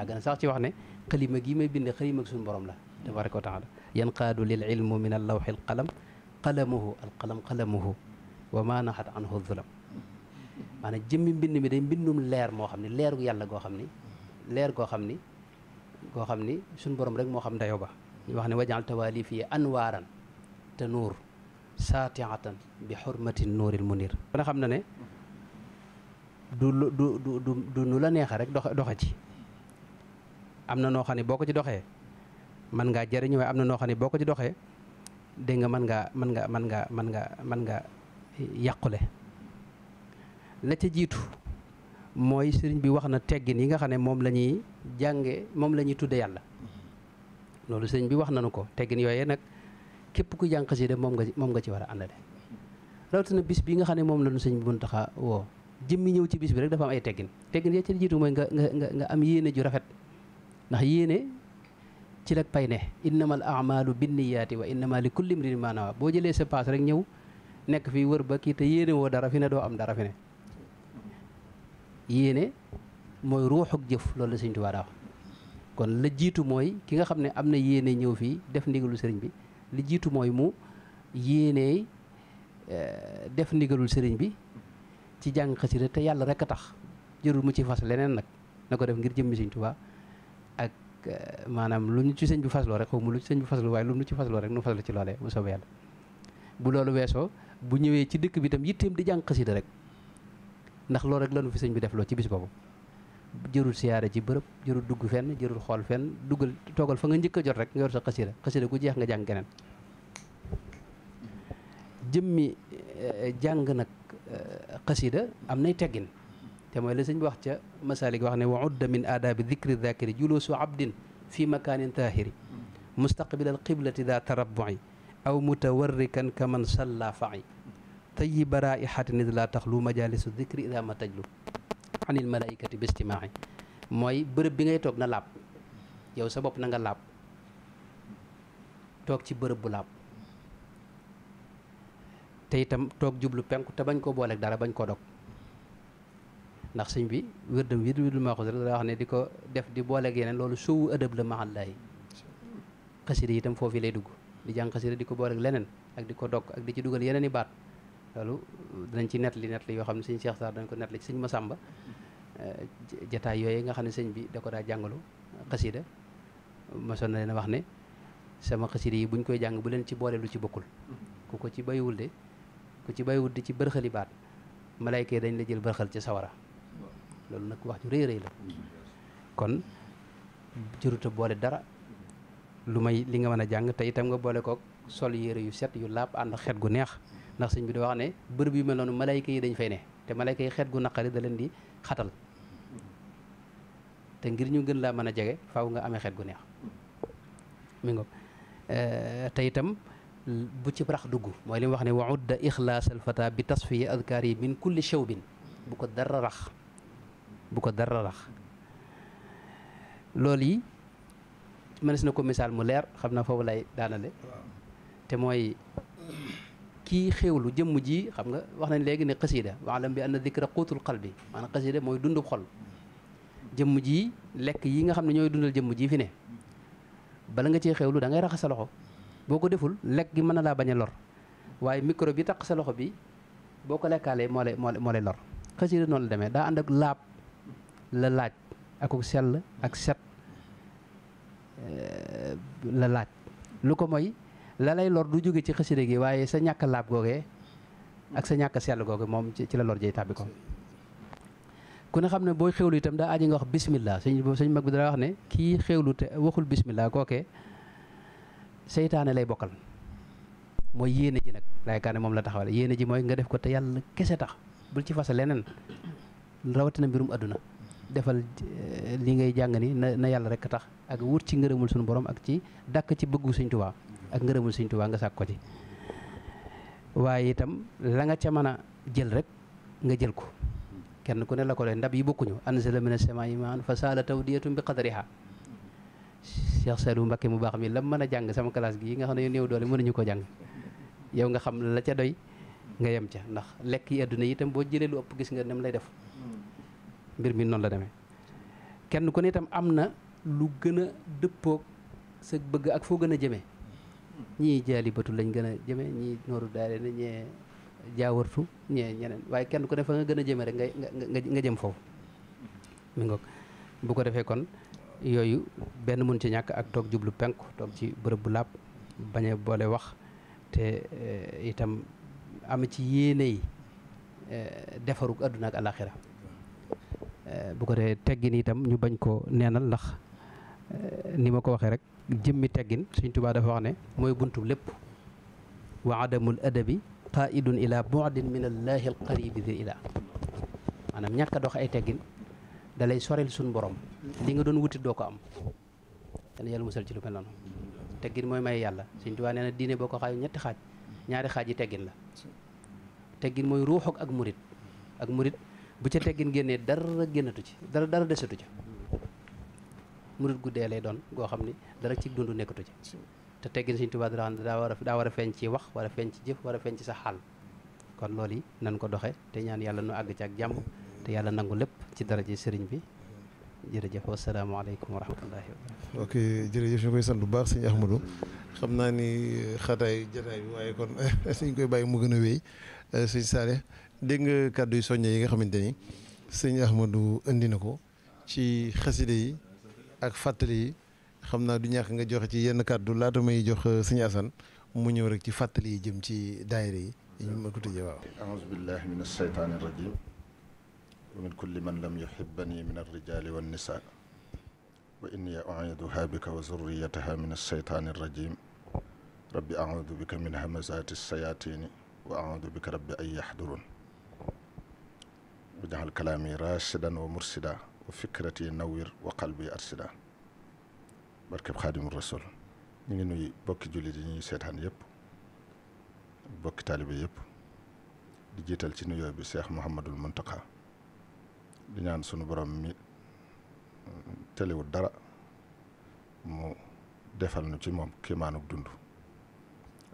àgg na sax ci wax ne xalima gi may bind xalima gi suñu borom la tabaraka wa taala yanqaadu lil ilmu min al lawxi al qalam qalamuhu al qalam qalamuhu wa ma naxat anhu zulam maanaam jëmmi mbind mi day mbindum leer moo xam ne leer gu yàlla goo xam ni leer goo xam ni goo xam ni suñu borom rek moo xam dayoo ba ñu wax ne wajaal tawaalif yi anwaaran te nuur saatiatan bi xurmati nuuril munir kon xam na ne du du du du nu la neexe rek doxe doxe ci am na noo xam ne boo ko ci doxee mën ngaa jëriñu waaye am na noo xam ne boo ko ci doxee dégg nga mën ngaa mën nga man nga man nga mën nga yàqule la jiitu mooy sëriñ bi wax na teggin yi nga xam ne moom la ñuy jànge moom la ñuy tudde yàlla loolu sëriñ bi wax nañu ko teggin yooyee nag képp ku jàng de moom nga moom ci war a àndale rawatina bis bi nga xam ne moom la ñu sëriñ bi mën taxa woo jëmmi ñëw ci bis bi rek dafa am ay teggin teggin ya ca jiitu mooy nga nga nga am yéene ju rafet ndax yéene ci lak pay ne innamal amalu binniyaati wa innama li kulli imrin ma nawa boo jëlee sa paas rek ñëw nekk fii wër ba kii te yéene woo dara fi ne doo am dara fi ne yéene mooy ruuxuk jëf loolu la sëñ Tuubaa daa kon la jiitu mooy ki nga xam ne am na yéene ñëw fii def ndigalul sëriñ bi li jiitu mooy mu yéene eh, def ndigalul sëriñ bi ci jàng xasida te yàlla rek a tax jërul mu ci fas leneen nag na ko def ngir jëmmi sëñ Tuubaa Eh, maanaam lu ñu ci sëñ bi fasloo rek xaw ma lu ci sëñ bi fasloo waaye lu ñu ci fasloo rek nu faslu ci loolee mu soobee yàlla bu loolu weesoo bu ñëwee ci dëkk bi itam yitteem di jàng xasida rek ndax loolu rek lanu fi sëñ bi def defloo ci bis boobu jërul siyaare ci bërëb jërul dugg fenn jërul xool fenn duggal toogal fa nga njëkk a jot rek nga yor sa xasida xasida ku jeex nga jàng keneen jëmmi eh, jàng nag eh, xasida am nay teggin تما لسنج وقت مسالك وقت وعد من آداب ذكر الذاكر جلوس عبد في مكان تاهري مستقبل القبلة ذا تربع أو متوركا كمن صلى فعي طيب رائحة إذ لا تخلو مجالس الذكر إذا ما تجلو عن الملائكة باستماعي موي برب بيغي توك نلاب يو سبب نغا لاب توك تي برب بلاب تي توك جبلو بانكو تبانكو بولك دارا بانكو دوك ndax sëñ bi wërdam wi wirdul maaxus rek daa wax ne di ko def di boole ak yenen loolu suu adab la allah qasida itam fofu lay dugg di jang qasida di ko boole ak lenen ak di ko ak di ci duggal yeneen i baat lolu danañ ci netli netli yo xamni ne Cheikh dañ ko netli ci Masamba eh, jataay yoy nga xamni ne bi da ko daa jàngalu xasida na wax ne sama qasida yi buñ koy jang bu len ci boole lu ci bokul ku ko ci bayiwul de ku ci bayiwul di ci berxali baat malaika dañ la jël berxal ci sawara loolu nag wax ju rëy rëy la kon juruta boole dara lu may li nga mën a jàng te itam nga boole kook sol yére yu set yu laab ànd xet gu neex ndax sëñ bi di wax ne bërëb yu mel noonu malayka yi dañ fay ne te malayka yi xet gu naqari da leen di xatal te ngir ñu gën laa mën a jege faw nga ame xet gu neex mi ngoog eh, te itam bu ci rax dugg mooy li wax ne wa udda ixlaas alfata bi tasfiya adkaar yi min kulli shawbin bu ko dara rax bu ko dara rax loolu yi mënees na ko misaal mu leer xam naa foofu lay daanale te mooy kii xewlu jëmm ji xam nga wax nañ léegi ne xasiida waalam bi anna dikra quutul qalbi maanaam xasiida mooy dundub xol jëmm ji lekk yi nga xam ne ñooy dundal jëmm ji fi ne bala nga cee xéewlu da ngay raxas sa loxo boo ko deful lekk gi mën na laa bañ lor waaye micro bi taq sa loxo bi boo ko lekkaalee moo lay moo lay lor xasiida noonu la demee daa la laaj akuk sell ak set euh, la laaj lu ko moy la lay lor du jóge ci xasida gi waaye sa ñàkk laab googee ak sa ñàkk sell googe moom ci la lor jey tàbbi ko ku ne xam ne booy xewlu itam daa aji nga wax bismillah sëñ sëñ mag bi dara wax ne kii xewlu te waxul bismillah kookee seytaane lay bokkal mooy yéene ji nag laaykaane moom la taxawale yéene ji mooy nga def ko te yàlla kese tax bul ci fasa leneen rawatina mbirum àdduna defal eh, lii ngay jàng ni na na yàlla rek tax ak wut ci ngërëmul suñu borom ak ci dàkk ci bëggu Sëñ Tuubaa ak ngërëmul Sëñ Tuubaa nga sàkk ko ci waaye itam la nga ca mën a jël rek nga jël ko kenn ku ne la ko lee ndab yi bokkuñu anzala mina samaa'i maa'an fa saala tawdiyatun bi qadriha Cheikh Saliou Mbacké mu baax mi la mën a jàng sama classe gi nga xam ne yow néew doole mënuñu ko jàng yow nga xam la ca doy nga yem ca ndax lekk yi àdduna yi itam boo jëlee lu ëpp gis nga nem lay def mbir mi noonu la deme kenn ku ne itam am na lu gën a dëppoog sa bëgg ak foo gën a jëmee ñii jaalibatu lañ gën a jëmee ñii nooru daare ne ñee jaawartu ñee ñeneen waaye kenn ku ne fa nga gën a jëmee rek nga nga jëm foofu mi ngoog bu ko defee kon yooyu benn mun ci ñàkk ak toog jublu penku toog ci bërëb bu làpp bañ boole wax te eh, itam am ci yéene yi eh, defarug àdduna ak àlaxira Eh, bu ko dee teggin itam ñu bañ ko neenal ndax eh, ni ma ko waxee rek jëmmi teggin Sëriñ tubaa dafa wax ne mooy buntu lépp wa adamul adabi qaidun ila bu'din min allahi alqaribi di ila maanaam ñàkk a dox ay teggin da lay soril borom li nga doon wutit doo ko am dana yàlla musal ci lu mel mooy may yàlla Sëriñ Tuubaa nee diine boo ko xaaju ñetti xaaj ñaari xaaj yi teggin la teggin mooy ruux ak murit ak murit bu ca teggin génnee dara génnatu ci dara dara desatu ci murid guddee lay doon goo xam ni dara ci dund nekkatu ci te teggin suñ tubaab dara daa war a daa war a feeñ ci wax war a feeñ ci jëf war a feeñ ci sa xaal kon loolu nan ko doxe te ñaan yàlla nu àgg ci ak jàmm te yàlla nangu lépp ci dara ji sëriñ bi jërëjëf wasalaamaaleykum wa rahmatullahi wa ok jërëjëf ñu koy sant bu baax sëñ Ahmadou xam naa ni xataay jataay bi waaye kon suñ koy bàyyi mu gën a wéy sëñ Saalé dégg nga kàddu yu soññe yi nga xamante ni sëñ Ahmadou indi na ko ci xaside yi ak fàttali yi xam naa du ñàkk nga joxe ci yenn kàddu laata may jox sëñ Assane mu ñëw rek ci fàttali yi jëm ci daayira yi ñu ma ko tëjee waaw aouzu billahi min alsheytaani irrajim wa min kulli man lam yuhibbani min alrijali wannisa wa inni u'iiduha bika wa zurriyataha min alsheytaani irrajim rabbi aoudu bika min hamazati alsayatini wa aoudu bika rabbi an yahdurun واجعل كلامي راشدا ومرشدا وفكرتي نوير وقلبي أرشدا barkeb xaadimul rasul ñu ngi nuy bokki jullit yi ñuy seetaan yépp bokki taalibe yépp di jiital ci nuyoo bi cheikh mouhamadul muntaka di ñaan sunu borom mi telewul dara mu defal nu ci moom kiimaanuk dund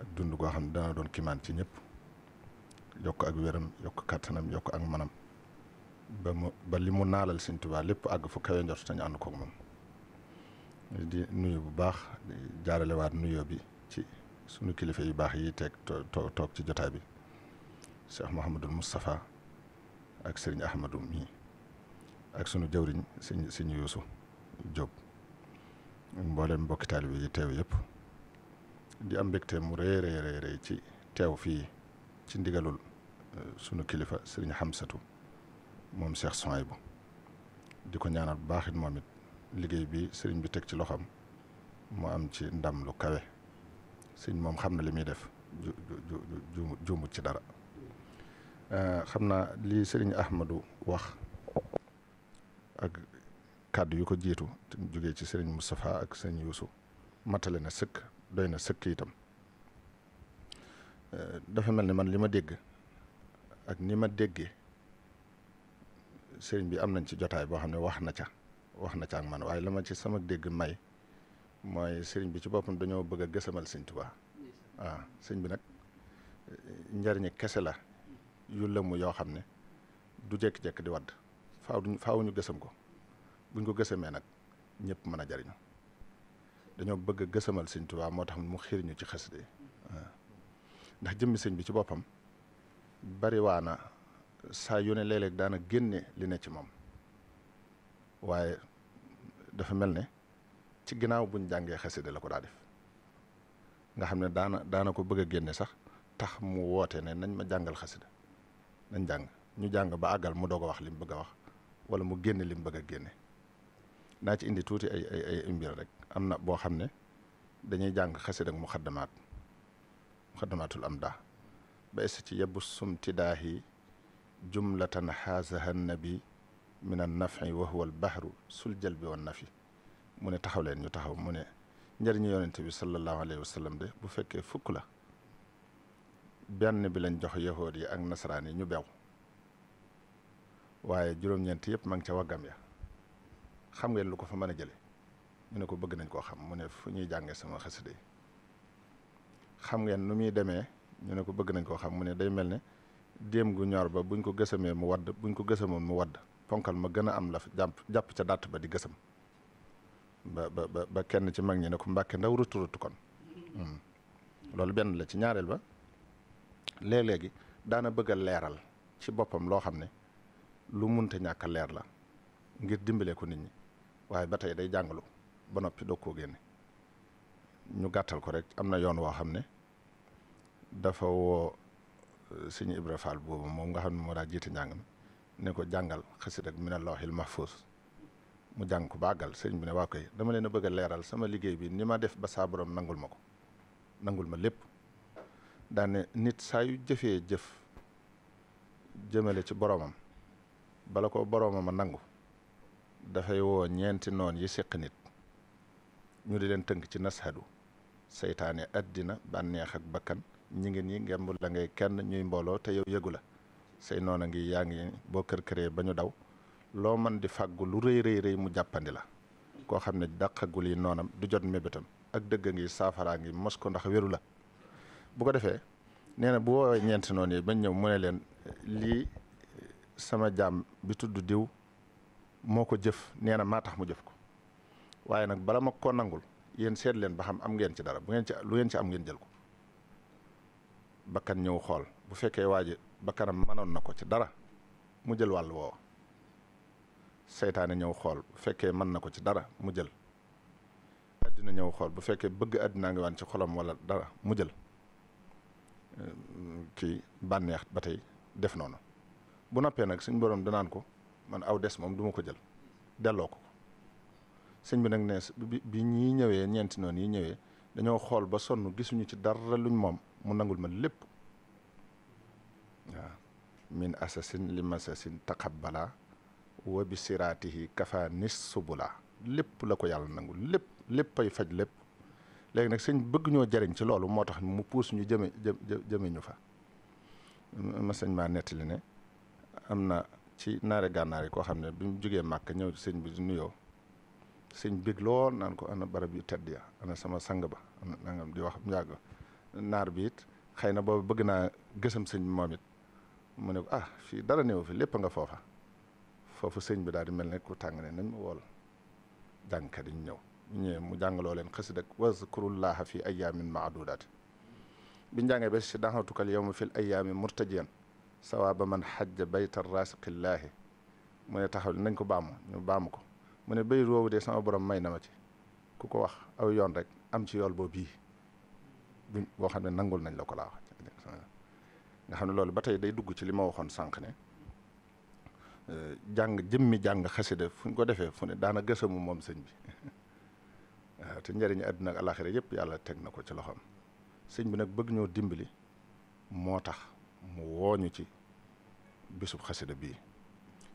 ak dund goo xam ne dana doon kiimaan ci ñëpp yokk ak wéram yokk kàttanam yokk ak manam ba mu ba li mu naalal sintuwaa lépp àgg fu kawe njort te ñu ànd koog moom di bu baax di jaaralewaat nuyoo bi ci sunu kilifa yu baax yi teg toog ci jotaay bi Cheikh Mouhamadul Moustapha ak sëriñ Ahmadou mi ak sunu jëwriñ sëñ sëñ Yuusu Jóob mbooleem mbokki taalibe teew yëpp di am mbégte mu rëy rëy ci teew fii ci ndigalul sunu kilifa sëriñ Xamsatu moom Cheikh Souhaïbou di ko ñaanal bu baax it liggéey bi sëriñ bi teg ci loxoom mu am ci ndam lu kawe sëñ moom xam na li muy def ju ci dara euh, xam naa li sëriñ Ahmadou wax ak kàddu yu ko jiitu jógee ci sëriñ Moustapha ak sëriñ matale na sëkk doy na sëkk itam euh, dafa mel man li ma dégg ak ni ma déggee. sëriñ bi am nañ ci jotaay boo xam ne wax na ca wax na ca ak man waaye la ma ci sama dégg may mooy sëriñ bi ci boppam dañoo bëgg a gësamal sëñ Tuubaa sëñ bi nag njariñi kese la yu yoo xam ne du jékki di wadd faaw duñ faaw ñu gësam ko buñ ko gësamee nag ñëpp mën a jariñu dañoo bëgg a sëñ Tuubaa moo tax mu xiir ñu ci xasida yi ndax jëmmi sëñ bi ci boppam bariwaana saa yu ne léeg daana génne li ne ci moom waaye dafa mel ne ci ginnaaw buñ jàngee xasida la ko daa def nga xam ne daana daana ko bëgg a génne sax tax mu woote ne nañ ma jàngal xasida nañ jàng ñu jàng ba àggal mu doog a wax li bëgg a wax wala mu génne li bëgg a génne naa ci indi tuuti ay ay ay mbir rek am na boo xam ne dañuy jàng xasida ak mu xaddamaat mu xaddamaatul am daa ba ci yebu sumti jumlatan xaasaha nabi min an nafi wa huwa al bahru sul jël bi woon nafi mu ne taxaw leen ñu taxaw mu ne njëriñu yonente bi sallallahu alayhi wa de bu fekkee fukk la benn bi lañ jox yahood yi ak nasaraan yi ñu bew waaye juróom-ñeent yëpp ma ngi ca waggam ya xam ngeen lu ko fa mën a jële ne ko bëgg nañ koo xam mu ne ñuy jànge sama xasida xam ngeen nu muy demee ñu ne ko bëgg nañ koo xam mu ne day mel ne déem gu ñor ba buñ ko gësamee mu wadd buñ ko gësamoon mu wadd ponkal ma gën a am la fa jàpp jàpp ca dàtt ba di gësam ba ba ba kenn ci mag ñi ne ko mbàkke ndaw rutu rutu kon hmm. loolu benn la ci ñaareel ba léeg-léegi daana bëgg a leeral ci boppam loo xam ne lu munte ñàkk a leer la ngir dimbale ko nit ñi waaye ba tey day jàngalu ba noppi doog ko génne ñu gàttal ko rek am na yoon woo xam ne dafa woo sëñ Ibra Fall boobu moom nga xam ne moo daa jiite njàng mi ne ko jàngal xasida min Allahil Mahfuz mu jàng ko bàggal sëñ bi ne waa koy dama leen a bëgg a leeral sama liggéey bi ni ma def ba saa borom nangul ma ko nangul ma lépp daane nit saa yu jëfee jëf jëmale ci boromam bala ko boromam a nangu dafay woo ñeenti noon yi seq nit ñu di leen tënk ci nashadu seytaane addina bànneex ak bakkan ñi ngi nii ngemb la ngay kenn ñuy mbooloo te yow yëgu la say noona ngi yaa ngi boo kër këree ba ñu daw loo man di fàggu lu rëy rëy rëy mu jàppandi la koo xam ne dàqagul yi noonam du jot mébétam ak dëgg ngi saafaraa ngi mos ko ndax wéru la bu ko defee nee na bu woowee ñeenti noon yi bañ ñëw mu ne leen lii sama jaam bi tudd diw moo ko jëf nee na maa tax mu jëf ko waaye nag bala ma ko nangul yéen seet leen ba xam am ngeen ci dara bu ngeen ci lu ngeen ci am ngeen jël ko bakkan ñëw xool bu fekkee waa ji bakkanam mënoon na ko ci dara mu jël wàll woowa seytaane ñëw xool bu fekkee mën na ko ci dara mu jël àddina ñëw xool bu fekkee bëgg àddinaa ngi ci xolam wala dara mu jël ehm, kii bànneex ba tey def noonu bu noppee nag suñ borom danaan ko man aw des moom duma ko jël delloo ko sëñ bi nag ne bi ñii ñëwee ñeenti noonu yi ñëwee dañoo xool ba sonn gisuñu ci dara luñ moom mu nangul ma lépp waaw min asasin li masasin taqabbala wa bi siraatihi kafa nis subula lépp la ko yàlla nangu lépp lépp ay faj lépp léegi nag sëñ bëgg ñoo jariñ ci loolu moo tax mu puus ñu jëme jëme ñu fa ma sëñ maa nettili ne am na ci naare gànnaar yi koo xam ne bi mu jógee màkk ñëw sëñ bi nuyoo sëñ bég lool naan ko ana barab yu tedd ya ana sama sang ba ana nangam di wax mu yàgg naar bi it xëy na boobu bëgg naa gësam sëñ bi moom it mu ne ko ah fii dara néew fi lépp nga foofa foofu sëñ bi daal di mel ne ko tàng ne nañ ma wool jàngkat yi ñëw ñëwee mu jàngaloo leen xësid ak wazkurullaha fi ayaamin maadudaat biñ jàngee bés si daxatukal yow ma fil ayaami murtajiyan sawaaba man xajja bayta rasiqillaahi mu ne taxaw nañ ko baamu ñu baamu ko mu ne béy de sama borom may na ma ci ku ko wax aw yoon rek am ci yool boobu bii boo xam ne nangul nañ la ko laa nga xam ne loolu ba tey day dugg ci li ma waxoon sànq ne jàng jëmmi jàng xasida fu ñu ko defee fu ne daana gësamu moom sëñ bi waaw te njëriñu àdduna ak alaxira yëpp yàlla teg na ko ci loxoom sëñ bi nag bëgg ñoo dimbali moo tax mu wooñu ci bisub xasida bii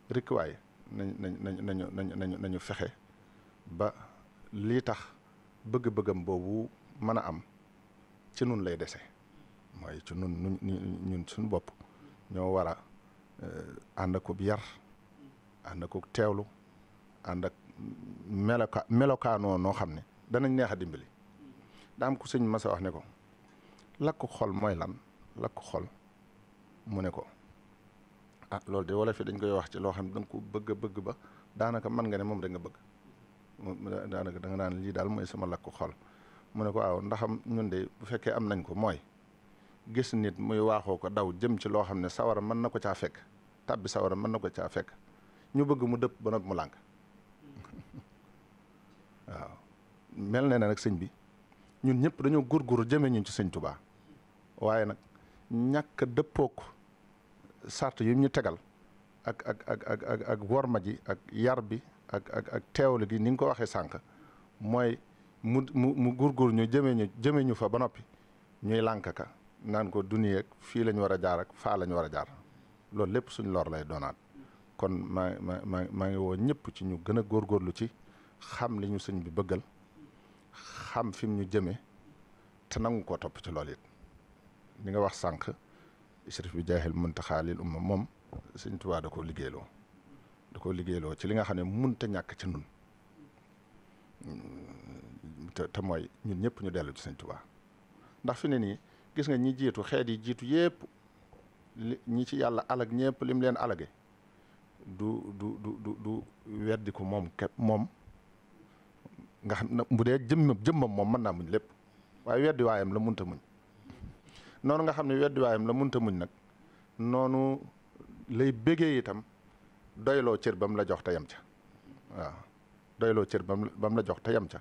rek waaye nañ nañ nañu nañu nañu fexe ba lii tax bëgg-bëggam boobu mën a am ci nun lay dese mooy ci nun ñun suñu bopp ñoo war a eh, ànd akub yar ànd akub teewlu ànd ak meloka melokaanoo noo xam ne danañ neex a dimbali daam ku sëñ masa wax ne ko lakk xol mooy lan lakk xol mu ne ko ah loolu de wala fi dañ koy wax ci loo xam ne danga ko bëgg a bëgg ba daanaka man nga ne moom da nga bëgg daanaka da nga naan lii daal mooy sama lakk xol mu ne ko waaw ndaxam ñun de bu fekkee am nañ ko mooy gis nit muy waaxoo ko daw jëm ci loo xam ne sawara mën na ko caa fekk tàbbi sawara mën na ko caa fekk ñu bëgg mu dëpp ba noppi mu lànk waaw mel ne na nag sëñ bi ñun ñëpp dañoo góorgóorlu jëme ñu ci sëñ tubaa waaye nag ñàkk a dëppook sart yu ñu tegal ak ak ak ak ak ak ji ak yar bi ak ak ak teewlu gi ni nga ko waxee sànq mooy mu mu mu góor ñu jëmee ñu jëmee ñu fa ba noppi ñuy lànk ka naan ko du fii lañu war a jaar ak faa la war a jaar loolu lépp suñ lor lay doonaat kon maa ma ma maa ngi woo ñëpp ci ñu gën a góorgóorlu ci xam li ñu sëñ bi bëggal xam fi ñu jëmee te nangu ko topp ci loolu it li nga wax sànq isrif bi jaaxil muntaxa lil umma moom sëñ Tuubaa da koo liggéeyloo da koo liggéeyloo ci li nga xam ne munta ñàkk ci nun te mooy ñun ñëpp ñu dellu ci sëñ Tuubaa ndax fi ne nii gis nga ñi jiitu xeet yi jiitu yépp ñi ci yàlla alag ñëpp lim leen alage du du du du du weddiku moom képp moom nga xam ne bu dee jëmm jëmmam moom mën naa muñ lépp waaye weddi waayam la munta muñ noonu nga xam ne weddi waayam la munta muñ nag noonu lay bégee itam doyloo cër ba mu la jox te yam ca waaw doyloo cër ba mu la jox te yam ca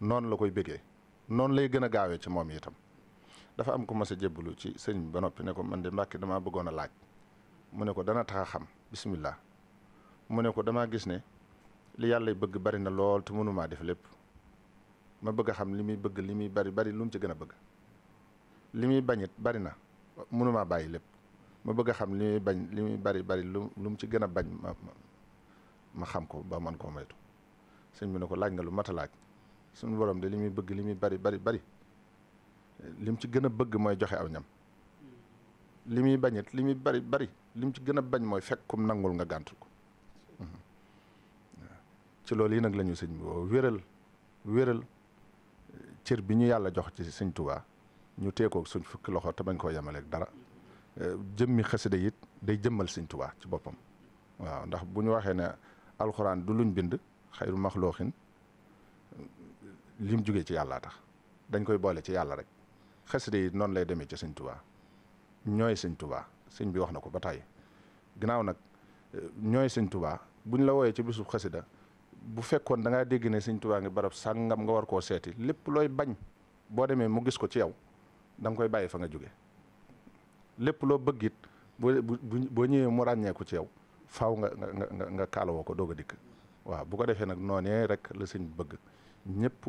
noonu la koy bëggee noonu lay gën a gaawee ci moom itam dafa am ku mas a jébbalu ci sëñ bi ba noppi ne ko man de mbàkki damaa bëggoon a laaj mu ne ko dana tax a xam bismillah mu ne ko damaa gis ne li yàlla bëgg bari na lool te mënumaa def lépp ma bëgg xam li muy bëgg li muy bari bari lu ci gën a bëgg li muy bañit bari na mënumaa bàyyi lépp ma bëgg xam li muy bañ li muy bari bari lu lu mu ci gën a bañ ma ma xam ko ba man koo maytu sëñ bi ne ko laaj nga lu mat a laaj suñu borom de li muy bëgg li muy bari bari bari lim ci gën a bëgg mooy joxe aw ñam li muy bañit li muy bari bari lim ci gën a bañ mooy fekkum nangul nga gàntu ko mhm. ci loolu yi nag lañu sëñ bi woo wéral wéral cër bi ñu yàlla jox ci sëñ Tuubaa ñu teekoo suñ fukki loxo te bañ koo yemaleeg dara eh, jëmmi xasida it day jëmmal sëñ Tuubaa ci boppam waaw ndax bu ñu waxee ne alxuraan du luñ bind xayru maxlooxin li mu jugee ci yàllaa tax dañ koy boole ci yàlla rek xasida yi noonu lay demee ci sëñ tubaa ñooy sëñ tubaa sëñ bi wax na ko ba tàyyi ginnaaw nag eh, ñooy sëñ tubaa buñ la wooyee ci bisu xasida bu fekkoon da dégg ne sëñ tubaa ngi barab sàngam nga war koo seeti lépp looy bañ boo demee mu gis ko ci yow da koy bàyyi fa nga jóge lépp loo bëgg it boo boo ñëwee mu ràññeeku ci yow faw nga nga nga nga kaalawoo ko doog a dikk waaw bu ko defee nag noonee rek la sëñ bëgg ñëpp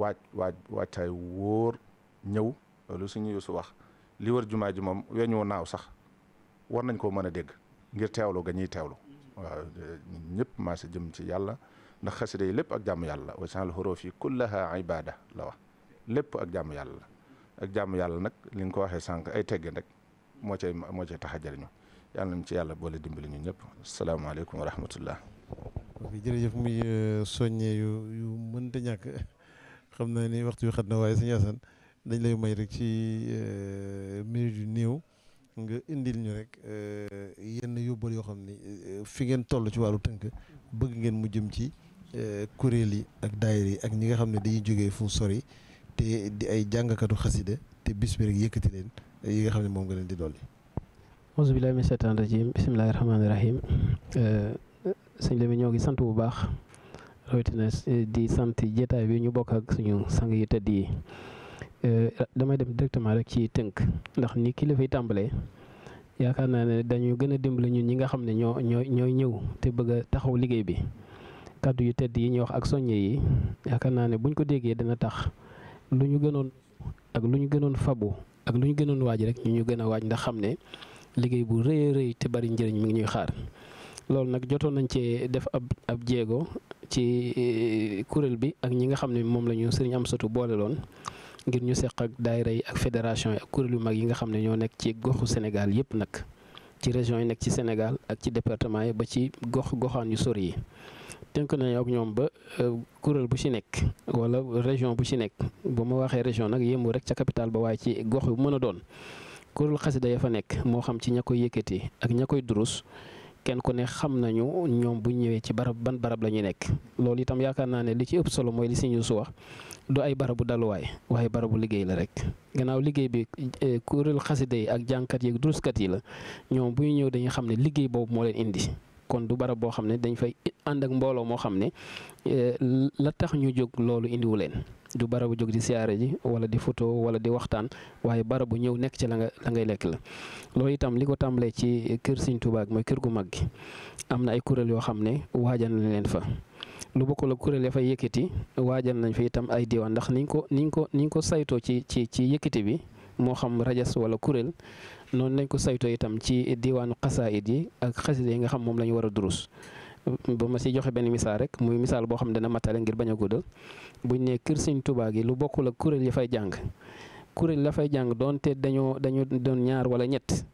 waaj waaj waajtaay wóor ñëw loolu suñu yusu wax li war jumaa ji moom weñu naaw sax war nañ ko mën a dégg ngir teewlu ga ñuy teewlu waaw ñëpp maa si jëm ci yàlla ndax xasida yi lépp ak jàmm yàlla wa sal xuruf yi kullaha ibada la wax lépp ak jàmm yàlla la ak jàmm yàlla nag li nga ko waxee sànq ay teggin rek moo cay moo cay tax a jëriñu yàlla nañ ci yàlla boole dimbali ñu ñëpp asalaamaaleykum wa rahmatullah jërëjëf muy euh, soññee yu yu mënta ñàkk xam naa ni waxtu yu xat na waaye sëñ Assane dañ lay may rek ci euh, minute yu néew nga indil ñu rek euh, yenn yóbbal yoo xam ni fi ngeen toll ci wàllu tënk bëgg ngeen mu jëm ci kuréel yi ak daayir yi ak ñi nga xam ne dañuy jógee fu sori te di ay jàngkatu xasida te bis bi rek yëkkati leen yi nga xam ne moom nga leen di dolli. auzu sëñ Lamine ñoo ngi sant bu baax rawatina eh, di sant jataay bii ñu bokk ak suñu sang yu tëdd yi eh, damay dem directement rek ci tënk ndax ni ki la fay tàmbalee yaakaar naa ne dañu gën a dimbali ñun ñi nga xam ne ñoo ñoo ñooy ñëw te bëgg a taxaw liggéey bi kàddu yu tedd yi ñuy wax ak soññe yi yaakaar naa ne buñ ko déggee dana tax lu ñu gënoon ak lu ñu gënoon fabu ak lu ñu gënoon waaj rek ñu ñu gën a waaj ndax xam ne liggéey bu rëy a rëy te bari njëriñ mi ngi ñuy xaar loolu nag jotoon nañ cee def ab ab jéego ci eh, kuréel bi ak ñi nga xam ne moom la ñu sëriñ Amsatu boole loon ngir ñu seq ak daayira yi ak fédération yi ak kuréel yu mag yi nga xam ne ñoo nekk ci goxu Sénégal yëpp nag ci région yi nekk ci Sénégal ak ci département yi ba ci gox goxaan yu sori yi tënk nañu ak ñoom ba euh, kuréel bu ci nekk wala région bu ci nekk bu ma waxee région nag yéemu rek ca capital ba waaye ci gox yu mën a doon kuréel xasida ya fa nekk moo xam ci ña koy yi ak ña koy durus kenn ku ne xam nañu ñoom bu ñëwee ci barab ban barab la ñuy nekk loolu itam yaakaar naa ne li ci ëpp solo mooy li suñu su wax du ay barabu daluwaay waaye barabu liggéey la rek gannaaw liggéey bi eh, kuréel xasida yi ak jànqat yi ak duruskat yi la ñoom bu ñu ñëw dañuy xam ne liggéey boobu moo leen indi kon du barab boo xam ne dañ fay ànd ak mbooloo moo xam ne eh, la tax ñu jóg loolu indiwu leen du barabu jóg di siyaare ji wala di photo wala di waxtaan waaye barabu ñëw nekk ci la nga la ngay lekk la loolu itam li ko tàmbalee ci kër siñ Tuubaa mooy kër gu mag gi am na ay kuréel yoo xam ne waajal na leen fa lu bokkul ak kuréel ya fay yëkkati waajal nañ fa itam ay diwaan ndax niñ ko niñ ko niñ ko saytoo ci ci ci yëkkati bi moo xam rajas wala kuréel noonu lañ ko saytoo itam ci diwaanu xasaa it yi ak xasida yi nga xam moom la ñu war a durus ba ma si joxe benn misaal rek muy misaal boo xam ne dana matale ngir bañ a bu buñ nee kër Sëñ tubaab yi lu bokkul ak kuréel ya fay jàng kuréel la fay jàng doonte dañoo dañu doon ñaar wala ñett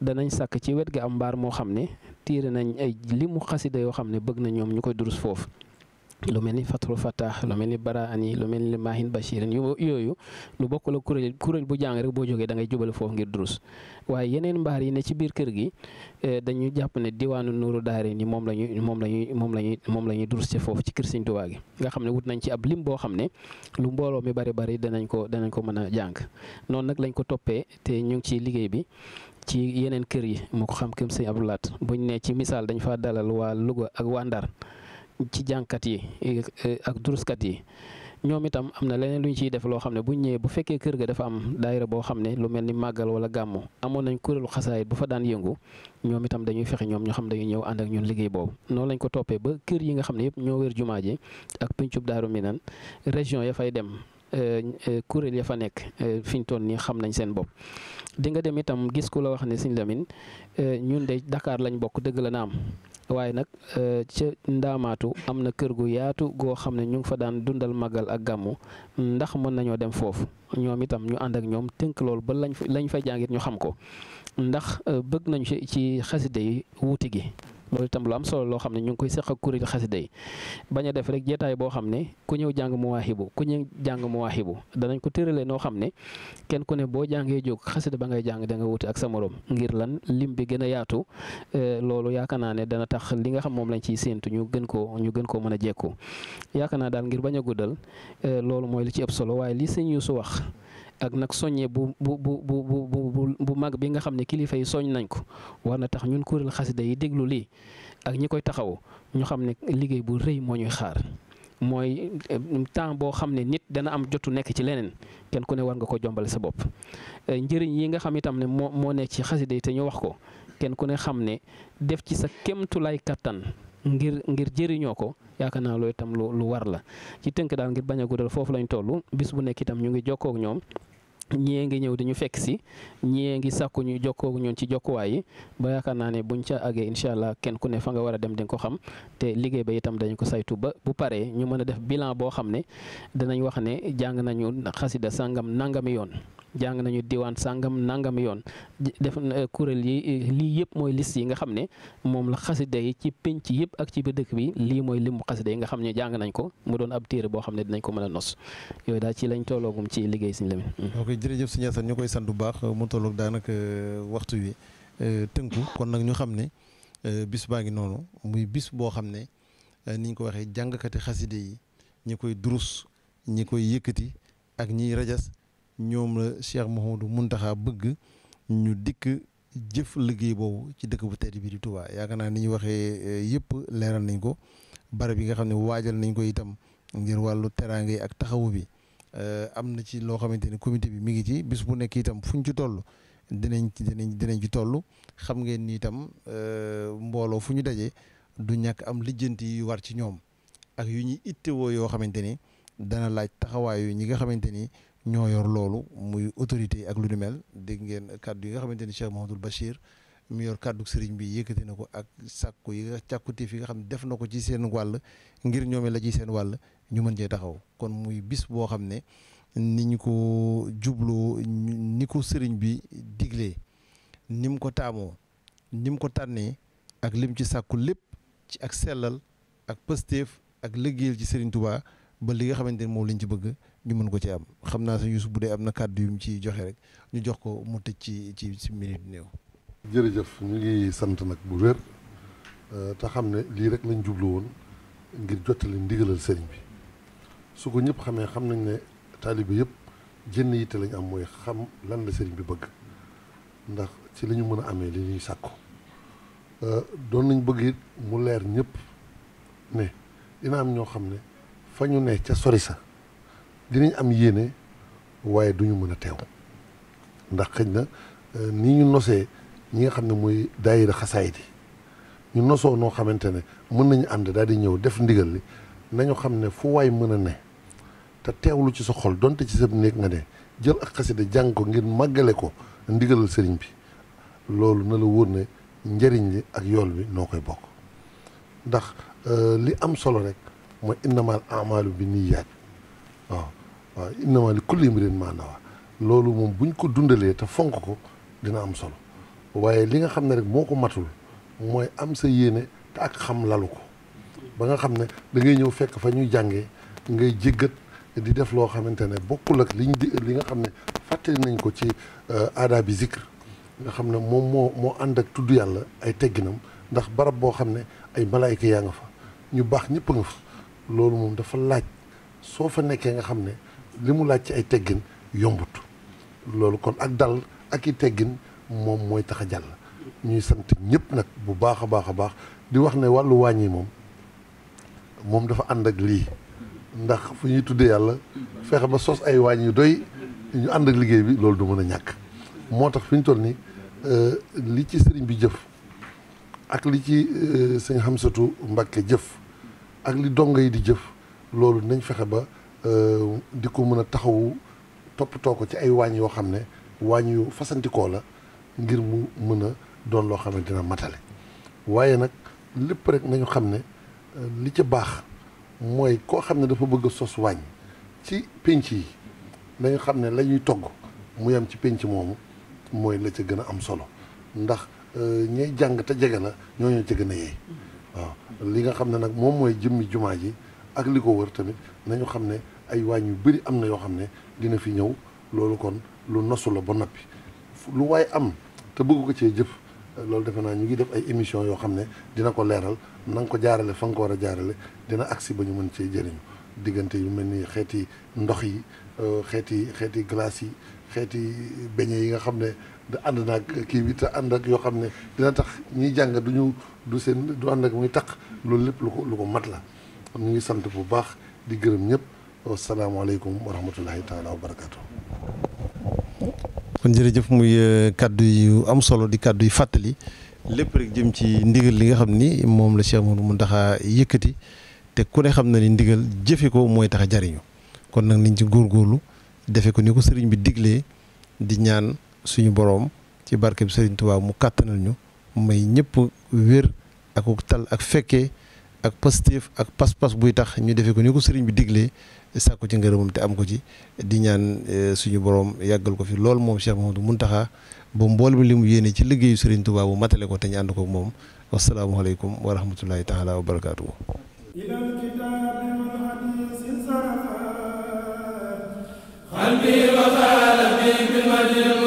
danañ sàkk ci wet ga am mbaar moo xam ne tiire nañ ay limu xasida yoo xam ne bëgg na ñoom ñu koy durus foofu lu mel ni Fathul Fattah lu mel ni Baraani lu mel ni Maahin Bachir yooyu lu bokk la kuréel kuréel bu jàng rek boo jogee dangay ngay jubale foofu ngir durus waaye yeneen mbaar yi ne ci biir kër gi eh, dañu jàpp ne diwaanu Nuuru Daare ni moom la ñuy moom la ñuy moom la ñuy moom la ñuy durus ci foofu ci kër Sëñ Tuubaa gi nga xam ne wut nañ ci ab lim boo xam ne lu mbooloo mi bari bari danañ ko danañ ko mën a jàng noonu nag lañ ko toppee te ñu ngi ci liggéey bi ci yeneen kër yi mu ko xam këm Sëñ Abdou Lahat buñ ne ci misaal dañ fa dalal waa Louga ak waa ci jànkat yi eh, ak duruskat yi ñoom itam am na leneen lu ñu ciy def loo xam ne bu ñëwee bu fekkee kër ga dafa am daayira boo xam ne lu mel ni màggal wala gàmmu amoon nañ kuréelu xasaayit bu fa daan yëngu ñoom itam dañuy fexe ñoom ñoo xam dañuy ñëw ànd ak ñun liggéey boobu noonu lañ ko toppee ba kër yi nga xam ne yëpp ñoo wër jumaa ji ak pincub daaru minan région ya fay dem eh, eh, kuréel ya fa nekk fi ñu toll nii xam nañ seen bopp di nga dem itam gis ku la wax ne Sëñ Lamin ñun de dakaar lañ bokk dëgg la am waaye nag euh, ca ndaamaatu am na kër gu yaatu goo xam ne ñu ngi fa daan dundal magal ak gàmmu ndax mën nañoo dem foofu ñoom itam ñu ànd ak ñoom tënk loolu ba lañ lañ fay jàngit ñu xam ko ndax euh, bëgg nañu ci xaside yi wuuti gi. loolu itam lu am solo loo xam ne ñu ngi koy seq ak kuréel xasida yi bañ a def rek jeetaay boo xam ne ku ñëw jàng Mawaahibu ku ñëw jàng Mawaahibu danañ ko tëralee noo xam ne kenn ku ne boo jàngee jóg xasida ba ngay jàng da nga wuti ak sa morom ngir lan lim bi gën a yaatu eh, loolu yaakaar naa ne dana tax li nga xam moom lañ ciy séentu ñu gën koo ñu gën koo mën a jekku yaakaar naa daal ngir bañ a guddal eh, loolu mooy li ci ëpp solo waaye li sëñ su wax ak nag soññee bu bu bu bu bu bu mag bi nga xam ne kilifa yi soñ nañ ko war na tax ñun kuréel xasida yi déglu lii ak ñi koy taxaw ñu xam ne liggéey bu rëy moo ñuy xaar. mooy eh, temps boo xam ne nit dana am jotu nekk ci leneen kenn ku ne war nga ko jombale sa bopp eh, njëriñ yi nga xam itam ne moo moo nekk ci xasida yi te ñu wax ko kenn ku ne xam ne def ci sa kémtulaay kattan ngir ngir jëriñoo ko yaakaar naa loolu itam lu war la ci tënk daal ngir bañ a guddal foofu lañ toll bis bu nekk itam ñu ngi jokkoo ak ñoom. ñii ngi ñëw di ñu fekk si ñii ngi sàkku ñu jokkoo ñun ci jokkuwaay yi ba yaakaar naa ne buñ ca àggee incha allah kenn ku ne fa nga war a dem di nga ko xam te liggéey ba itam dañu ko saytu ba bu paree ñu mën a def bilan boo xam ne danañ wax ne jàng nañu xasida sàngam nangami yoon. jàng nañu diwaan sàngam nangam yoon def eh, kuréel yi eh, lii yëpp mooy liste yi nga xam ne moom la xasida yi ci pénc yëpp ak ci ba dëkk bi lii mooy limu xasida yi nga xam ne jàng nañ ko mu doon ab téere boo xam ne dinañ ko mën a nos yooyu daal ci lañ tolloogum ci liggéey Sëñ Lamin hmm. ok jërëjëf Sëñ Asan ñu koy sant bu baax mu tolloog daanaka eh, waxtu wi tënku kon nag ñu xam ne bis baa ngi noonu muy bis boo xam ne niñ ko waxee jàngkati xasida yi ñi koy durus ñi koy yëkkati ak ñiy ñoom la Cheikh mun Mountakha bëgg ñu dikk jëf liggéey boobu ci dëkk bu tedd bi di Touba yaakaar naa ni ñu waxee eh, yëpp leeral nañ ko barab yi nga xam ne waajal nañ ko itam ngir wàllu teraanga yi ak taxawu bi eh, am na ci loo xamante ni comité bi mi ngi ci bis bu nekk itam fuñ ci toll dinañ ci dinañ ci toll xam ngeen ni itam eh, mbooloo fu ñu dajee du ñàkk am lijjant yi war ci ñoom ak yu ñuy ittewoo yoo xamante ni dana laaj taxawaay yu ñi nga xamante ni ñoo yor loolu muy autorité yi ak lu ni mel dégg ngeen kàddu yi nga xamante ni Cheikh Mouhamadoul Bachir mu yor kàddu sëriñ bi yëkkati na ko ak sàkku yi nga càkkutif nga xam ne def na ko ci seen wàll ngir ñoome la ci seen wàll ñu mën cee taxaw kon muy bis boo xam ne ni ñu ko jubloo ni ko sëriñ bi diglee ni mu ko taamoo ni ko tànnee ak lim ci sàkku lépp ci ak sellal ak pësteef ak liggéeyal ci sëriñ Touba ba li nga xamante ni moom lañ ci bëgg ñu mën ko ci am xam naa sa Youssou bu dee am na kàddu yu mu ciy joxe rek ñu jox ko mu tëj ci ci si minute néew. jërëjëf ñu ngi sant nag bu wér euh, te xam ne lii rek lañ jublu woon ngir jottali ndigalal sëriñ bi su ko ñëpp xamee xam nañ ne taalibe yëpp jënn yitte lañ am mooy xam lan la sëriñ bi bëgg ndax ci li ñu mën a amee li ñuy sàkku euh, doon nañ bëgg it mu leer ñëpp ne dina am ñoo xam ne fa ñu ne ca sori sa dinañ am yéene waaye duñu mën a teew ndax xëñ na euh, ni ñu nosee ñi nga xam ne mooy daayira xasaayit yi ñu nosoo noo xamante ne mën nañu ànd daal di ñëw def ndigal li nañu xam ne fu waay mën a ne te teewlu ci sa xol donte ci sa néeg nga ne jël ak xasida jàng ko ngir màggale ko ndigalal sëriñ bi loolu na la wóor ne njëriñ li ak yool bi noo koy bokk ndax euh, li am solo rek mooy innamal amalu bi niyaat waaw waaw innamaa li kulli imri'in maa nawaa loolu moom bu buñ ko dundalee te fonk ko dina am solo waaye li nga xam ne rek moo ko matul mooy am sa yéene te ak xam lalu ko ba nga xam ne da ngay ñëw fekk fa ñuy jàngee ngay jéggat di def loo xamante ne bokkul ak liñ di li nga xam ne fàttali nañ ko ci euh, aadaa bi zikr nga xam ne moom moo moo ànd ak tudd yàlla ay tegginam ndax barab boo xam ne ay malaayka yaa nga fa ñu baax ñëpp nga fa loolu moom dafa laaj soo fa nekkee nga xam ne li mu laaj ci ay teggin yombut loolu kon ak dal ak i teggin moom mooy tax a jàll ñuy sant ñëpp nag bu baax a baax a baax di wax ne wàllu yi moom moom dafa ànd ak lii ndax fu ñuy tuddee yàlla fexe ba sos ay waañ yu doy ñu ànd ak liggéey bi loolu du mën a ñàkk moo tax fi ñu toll nii euh, li ci sëriñ bi jëf ak li ci euh, sëñ Xamsatu Mbàkke jëf ak li dongo yi di jëf loolu nañ fexe ba Euh, di ko mën a taxawu toppatoo ko ci ay waañ yoo xam ne waañ yu fasantikoo la ngir mu mën a doon loo xam ne dina matale waaye nag lépp rek nañu xam ne euh, li ca baax mooy koo xam ne dafa bëgg sos waañ ci pénc yi nañu xam ne lañuy togg mu yam ci pénc moomu mooy la ca gën a am solo ndax euh, ñay jàng te jege la ñooñu ca gën a yeey waaw li nga xam ne nag moom mooy jëmmi jumaa ji ak li ko wër tamit nañu xam ne ay waañ yu bëri am na yoo xam ne dina fi ñëw loolu kon lu nosu la ba noppi lu waaye am te bëgg ko cee jëf loolu defe naa ñu ngi def ay émission yoo xam ne dina ko leeral na ko jaarale fa nga ko war a jaarale dina si ba ñu mën cee jëriñu diggante yu mel nii xeeti ndox yi euh, xeeti xeeti glace yi xeeti beñe yi nga xam ne da ànd naag kii bi te ànd ak yoo xam ne dina tax ñiy jàng duñu du seen du ànd ak muy taq loolu lépp lu lu ko mat la kon ñu sant bu baax di gërëm ñëpp wasalaamaaleykum wa rahmatullahi taala wa barakaatu. kon jërëjëf muy euh, kàddu yu am solo di kàddu yu fàttali lépp rek jëm ci ndigal li nga xam ni moom la Cheikh Mouhamadou Mountakha yëkkati te ku ne xam na ni ndigal jëfe ko mooy tax a jariñu kon nag niñ ci góorlu defe ko ni ko sëriñ bi diglee di ñaan suñu boroom ci barke bi sëriñ Tuubaa mu kàttanal ñu may ñëpp wér ak tal ak fekkee ak pastéef ak pas-pas buy tax ñu defee ko ni ko sëriñ bi diglee sàkku ci ngërëmam te am ko ci di ñaan e, suñu borom yàggal ko fi loolu moom Cheikh mun Mountakha ba mbool mi li mu yéene ci liggéeyu sëriñ Touba bu matale ko te ñu ànd ko moom wasalaamualeykum wa rahmatullahi taala wa barakaatu. قلبي وقال في